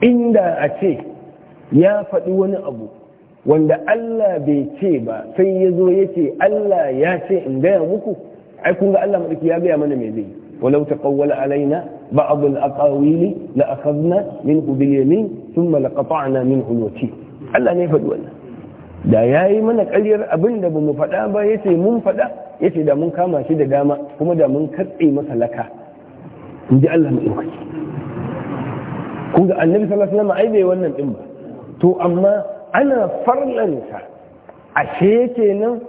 inda ace ya faɗi wani abu wanda Allah bai ce ba sai ya zo ya ce Allah ya ce in gaya muku ai kun ga Allah maɗauki ya gaya mana mai zai walau taqawwala alaina ba'd al-aqawili la akhadna minhu bil yamin thumma laqata'na minhu al-wati Allah ne faɗi wannan da yayi mana ƙaryar abin da bamu faɗa ba yace mun faɗa yace da mun kama shi da dama kuma da mun katse masa laka in ji Allah mai ɗaukaki. kun ga annabi sallallahu alaihi wasallam ai wannan din ba to amma ana farlanta ashe nan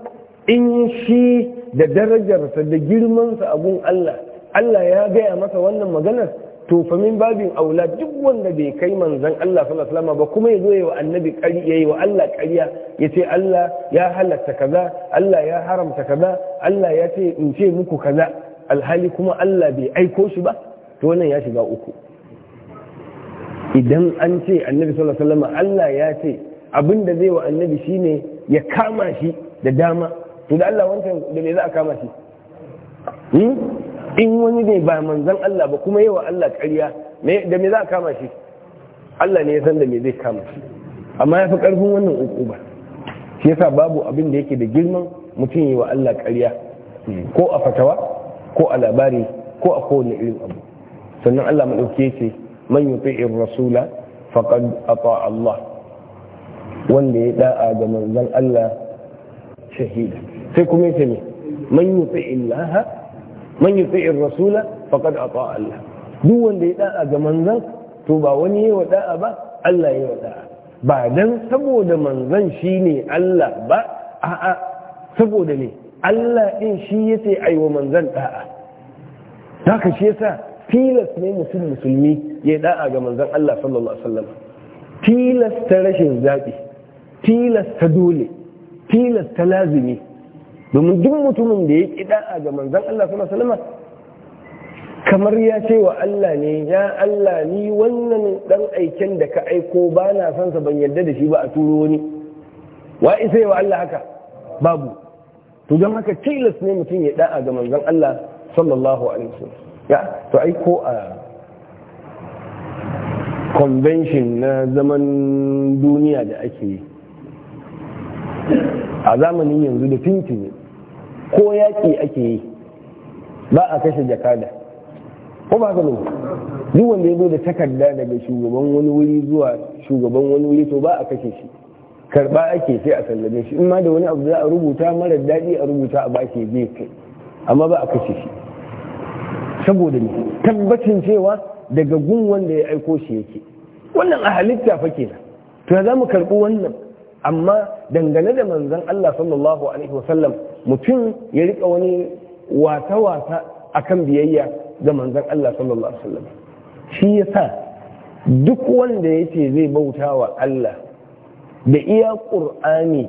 in shi da darajarsa da girmansa sa abun Allah Allah ya gaya masa wannan maganar to fa min babin aula duk wanda bai kai manzon Allah sallallahu alaihi ba kuma yazo yayi wa annabi ƙari yayi wa Allah ƙarya yace Allah ya halatta kaza Allah ya haramta kaza Allah ya ce in ce muku kaza alhali kuma Allah bai aiko shi ba to wannan ya shiga uku idan an ce annabi sallallahu alaihi wasallam Allah ya ce abin da zai wa annabi shine ya kama shi da dama to da Allah wancan da me za a kama shi hmm? in wani ne ba manzan Allah ba kuma yawa Allah ƙarya da me za a kama shi Allah ne ya san da me zai kama shi amma ya fi ƙarfin wannan uku ba. shi yasa babu abin da yake da girman mutum yi wa Allah ƙarya ko a fatawa ko a labari ko a kowane irin abu sannan Allah maɗauki ce man fi'in rasula faqad ata Allah wanda ya da'a ga manzan Allah shahida sai kuma yace ne man laha man yuti'ir rasula faqad ata'a Allah duk wanda ya da'a ga manzan, to ba wani yi wa da'a ba Allah yi wa da'a ba dan saboda manzan shi ne Allah ba a'a saboda ne Allah ɗin shi ya yace aiwa manzon da'a haka shi yasa tilas ne mutum musulmi ya da'a ga manzan Allah sallallahu alaihi wasallam tilas ta rashin zabi tilas ta dole tilas ta lazimi domin duk mutumin da ya ƙi a ga manzan Allah salama kamar ya ce wa Allah ne ya Allah ni wannan dan aiken da ka aiko ba na son sa ban yarda da shi ba a turo wani wa isa wa Allah haka babu to don haka tilas ne mutum ya a ga manzan Allah sallallahu alaihi wasallam ya to aiko a convention na zaman duniya da ake yi a zamanin yanzu da fintin ne ko yaƙi ake yi ba a kashe jakada ko ba gano duk wanda ya zo da takarda daga shugaban wani wuri zuwa shugaban wani wuri to ba a kashe shi karba ake sai a sallame shi in ma da wani abu za a rubuta mara daɗi a rubuta a bashi zai kai amma ba a kashe shi saboda ne tabbacin cewa daga gun wanda ya aiko shi yake wannan a halitta fa kenan to za mu karɓi wannan amma dangane da manzon Allah sallallahu alaihi wasallam mutum ya rika wani wasa-wasa kan biyayya ga manzan Allah sallallahu alaihi wasallam shi ya sa duk wanda ya ce zai bauta wa Allah da iya Qur'ani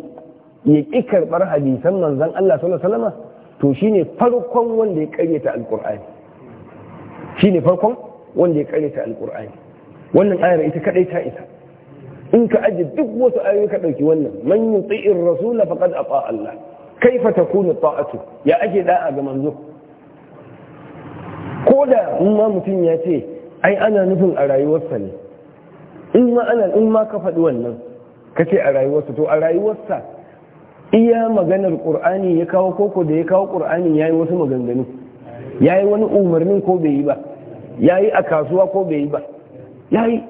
ya ƙi karɓar hadisan manzan Allah sallallahu alaihi wasallam to shi ne farkon wanda ya karyata alqur'ani shine farkon wanda ya karyata alqur'ani wannan ayar ita kadai ta isa in ka aje duk wasu ayoyi ka ɗauki wannan man yuti'ir rasul faqad ata Allah kaifa kuni ta'atu ya ake da'a ga manzo ko da in ma mutum ya ce ai ana nufin a rayuwarsa ne in ma ana in ma ka faɗi wannan ka ce a rayuwarsa to a rayuwarsa iya maganar qur'ani ya kawo koko da ya kawo qur'ani yayi wasu maganganu yayi wani umarnin ko bai yi ba yayi a kasuwa ko bai yi ba yayi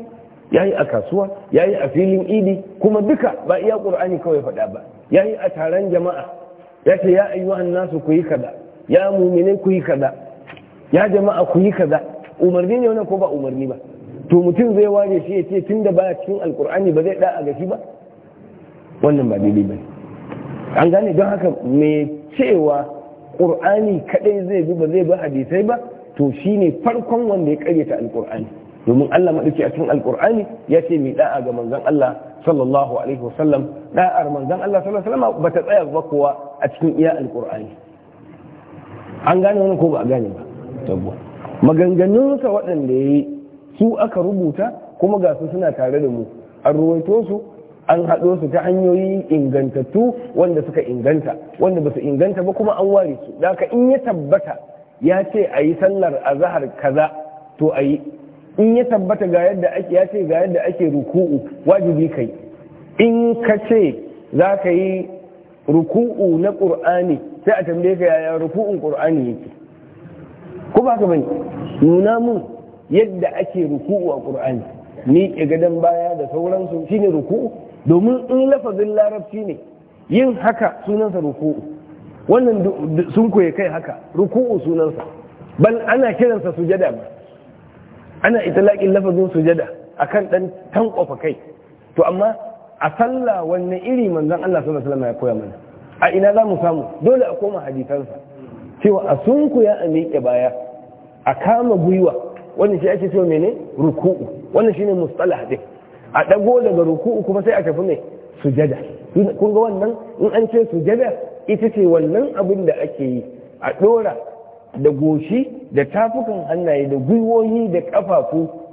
yayi a kasuwa yayi a filin idi kuma duka ba iya qur'ani kawai faɗa ba yayi a taron jama'a ya ce ya ayyuhan nasu ku yi kaza ya mumine ku yi kaza ya jama'a ku yi kaza umarni ne wannan ko ba umarni ba to mutum zai ware shi ya ce tun da baya cikin alkur'ani ba zai da'a ga shi ba wannan ba daidai ba an gane don haka mai cewa ƙur'ani kaɗai zai bi ba zai bi hadisai ba to shine farkon wanda ya karyata alkur'ani domin Allah maɗauki a cikin alkur'ani ya ce mai da'a ga manzon Allah sallallahu alaihi wasallam da'ar manzon Allah sallallahu alaihi wasallam ba ta tsaya ba kowa a cikin iya alkur'ani an gane wani ko ba a gane ba maganganunsa waɗanda ya yi su aka rubuta kuma ga su suna tare da mu an ruwaito su an haɗo su ta hanyoyi ingantattu wanda suka inganta wanda ba su inganta ba kuma an ware su da in ya tabbata ya ce a yi sallar azahar kaza to a yi in ya tabbata ga yadda ake ya ce ga yadda ake ruku'u wajibi kai in ka ce za ka yi ruku'u na ƙur'ani sai a tambaye ka yaya ruku'un ƙur'ani yake ko ba ka bane nuna mun yadda ake ruku'u a ƙur'ani ni gadon baya da sauransu shine ruku'u domin in lafazin larabci ne yin haka sunansa ruku'u wannan sun koye kai haka ruku'u sunansa bal ana kiransa sujada ba ana italaƙin lafazin sujada akan ɗan tankofa kai to amma a sallah wanne iri manzon Allah sallallahu alaihi wasallam ya koya mana a ina za mu samu dole a koma hadisansa cewa a sunku ya a miƙe baya a kama gwiwa wannan shi ake cewa mene ruku'u wannan shine mustalah din a dago daga ruku'u kuma sai a tafi mai sujada kun ga wannan in an ce sujada ita ce wannan abin da ake yi a dora da goshi da tafukan hannaye da gwiwoyi da kafafu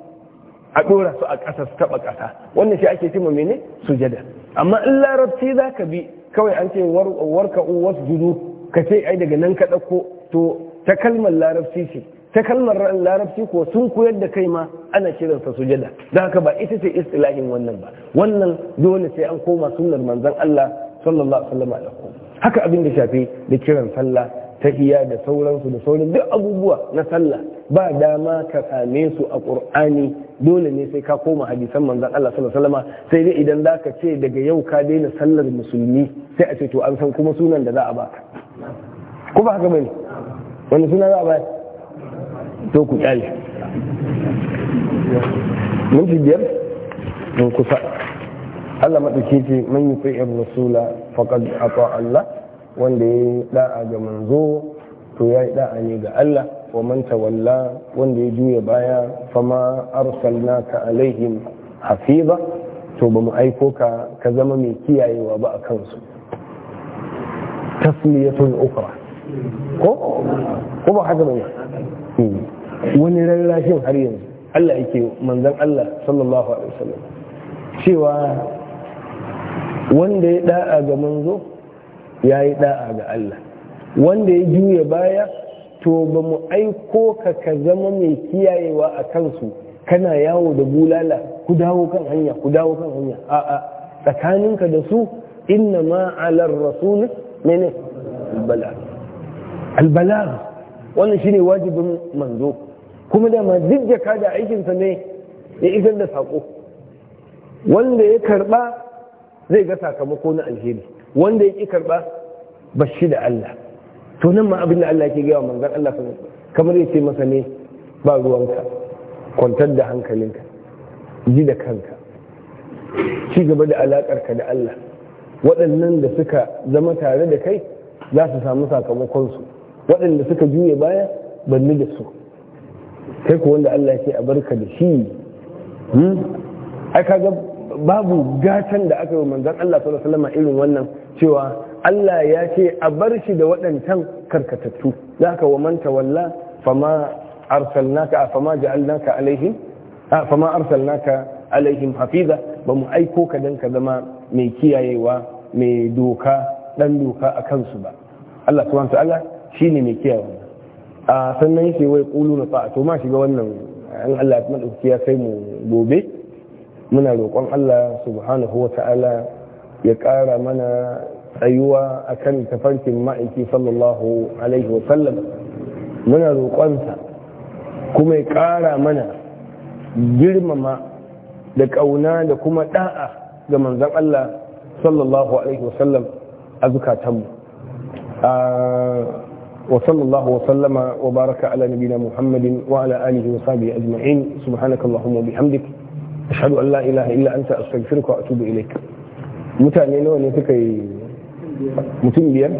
a ɗora su a ƙasa su taɓa ƙasa wannan shi ake cimma mene sujada amma in larabci za ka bi kawai an ce warka su judu ka ce ai daga nan ka ɗauko to ta kalmar larabci ce ta kalmar larabci ko sun koyar da kai ma ana kiransa sujada da haka ba ita ce istilahin wannan ba wannan dole sai an koma sunnar manzon Allah sallallahu alaihi wasallam haka abin da shafi da kiran sallah tahiya da sauransu da sauran duk abubuwa na sallah ba dama ka same su a qur'ani dole ne sai ka koma hadisan manzan Allah sallallahu alaihi wasallam sai dai idan zaka ce daga yau ka daina sallar musulmi sai a ce to an san kuma sunan da za a baka ko ba haka bane wani suna za a baka to ku kyale mun ji biyar mun kusa Allah madauke ce man yuqi'ir rasula faqad ata Allah wanda ya yi da'a ga manzo to ya yi da'a ne ga Allah wa manta walla wanda ya juya baya fama arsalnaka alaihim hafiza to ba mu aiko ka ka zama mai kiyayewa ba a kansu tasliyatun ukra ko ko ba haka bane hmm. wani rarrashin har yanzu Allah yake manzon Allah sallallahu alaihi wasallam cewa wanda ya da'a ga manzo ya yi da'a ga Allah wanda ya juya baya to ba mu aiko ka ka zama mai kiyayewa a kansu kana yawo da bulala ku dawo kan hanya ku dawo kan hanya a'a tsakaninka da su inna ma ala rasul mene albala albala wannan shine wajibin manzo kuma da ma ka da kada aikinsa ne ya isar da sako wanda ya karba zai ga sakamako na alheri wanda ya ƙi karɓa ba shi da Allah to nan ma abin da Allah ke gaya wa manzan Allah kamar ya ce masa ne ba ruwanka kwantar da hankalinka ji da kanka ci gaba da alaƙarka da Allah waɗannan da suka zama tare da kai za su samu sakamakonsu waɗanda suka juye baya banni da su kai ko wanda Allah ke a da shi hmm? Aka ga babu gatan da aka yi manzon Allah sallallahu alaihi wasallam irin wannan cewa Allah ya ce a bar shi da waɗancan karkatattu ka wa manta walla fama arsalnaka fama ja'alnaka alaihim fama arsalnaka alaihim hafiza ba mu aiko ka dan ka zama mai kiyayewa mai doka dan doka a kansu ba Allah subhanahu ta'ala shine mai kiyaye. a sannan yake wai kulu na fa'a to ma shiga wannan an Allah ya madauki ya sai mu gobe muna roƙon Allah subhanahu wa ta'ala ya ƙara mana tsayuwa a kan tafarkin ma'aiki sallallahu alaihi wasallam muna roƙonsa kuma ya ƙara mana girmama da ƙauna da kuma ɗa'a ga manzan Allah sallallahu alaihi wasallam a zukatanmu wa sallallahu wa sallama wa baraka ala muhammadin wa ala alihi wa sahbihi ajma'in subhanakallahumma bihamdik ashhadu an la ilaha illa anta ilaik mutane nawa ne suka yi mutum biyar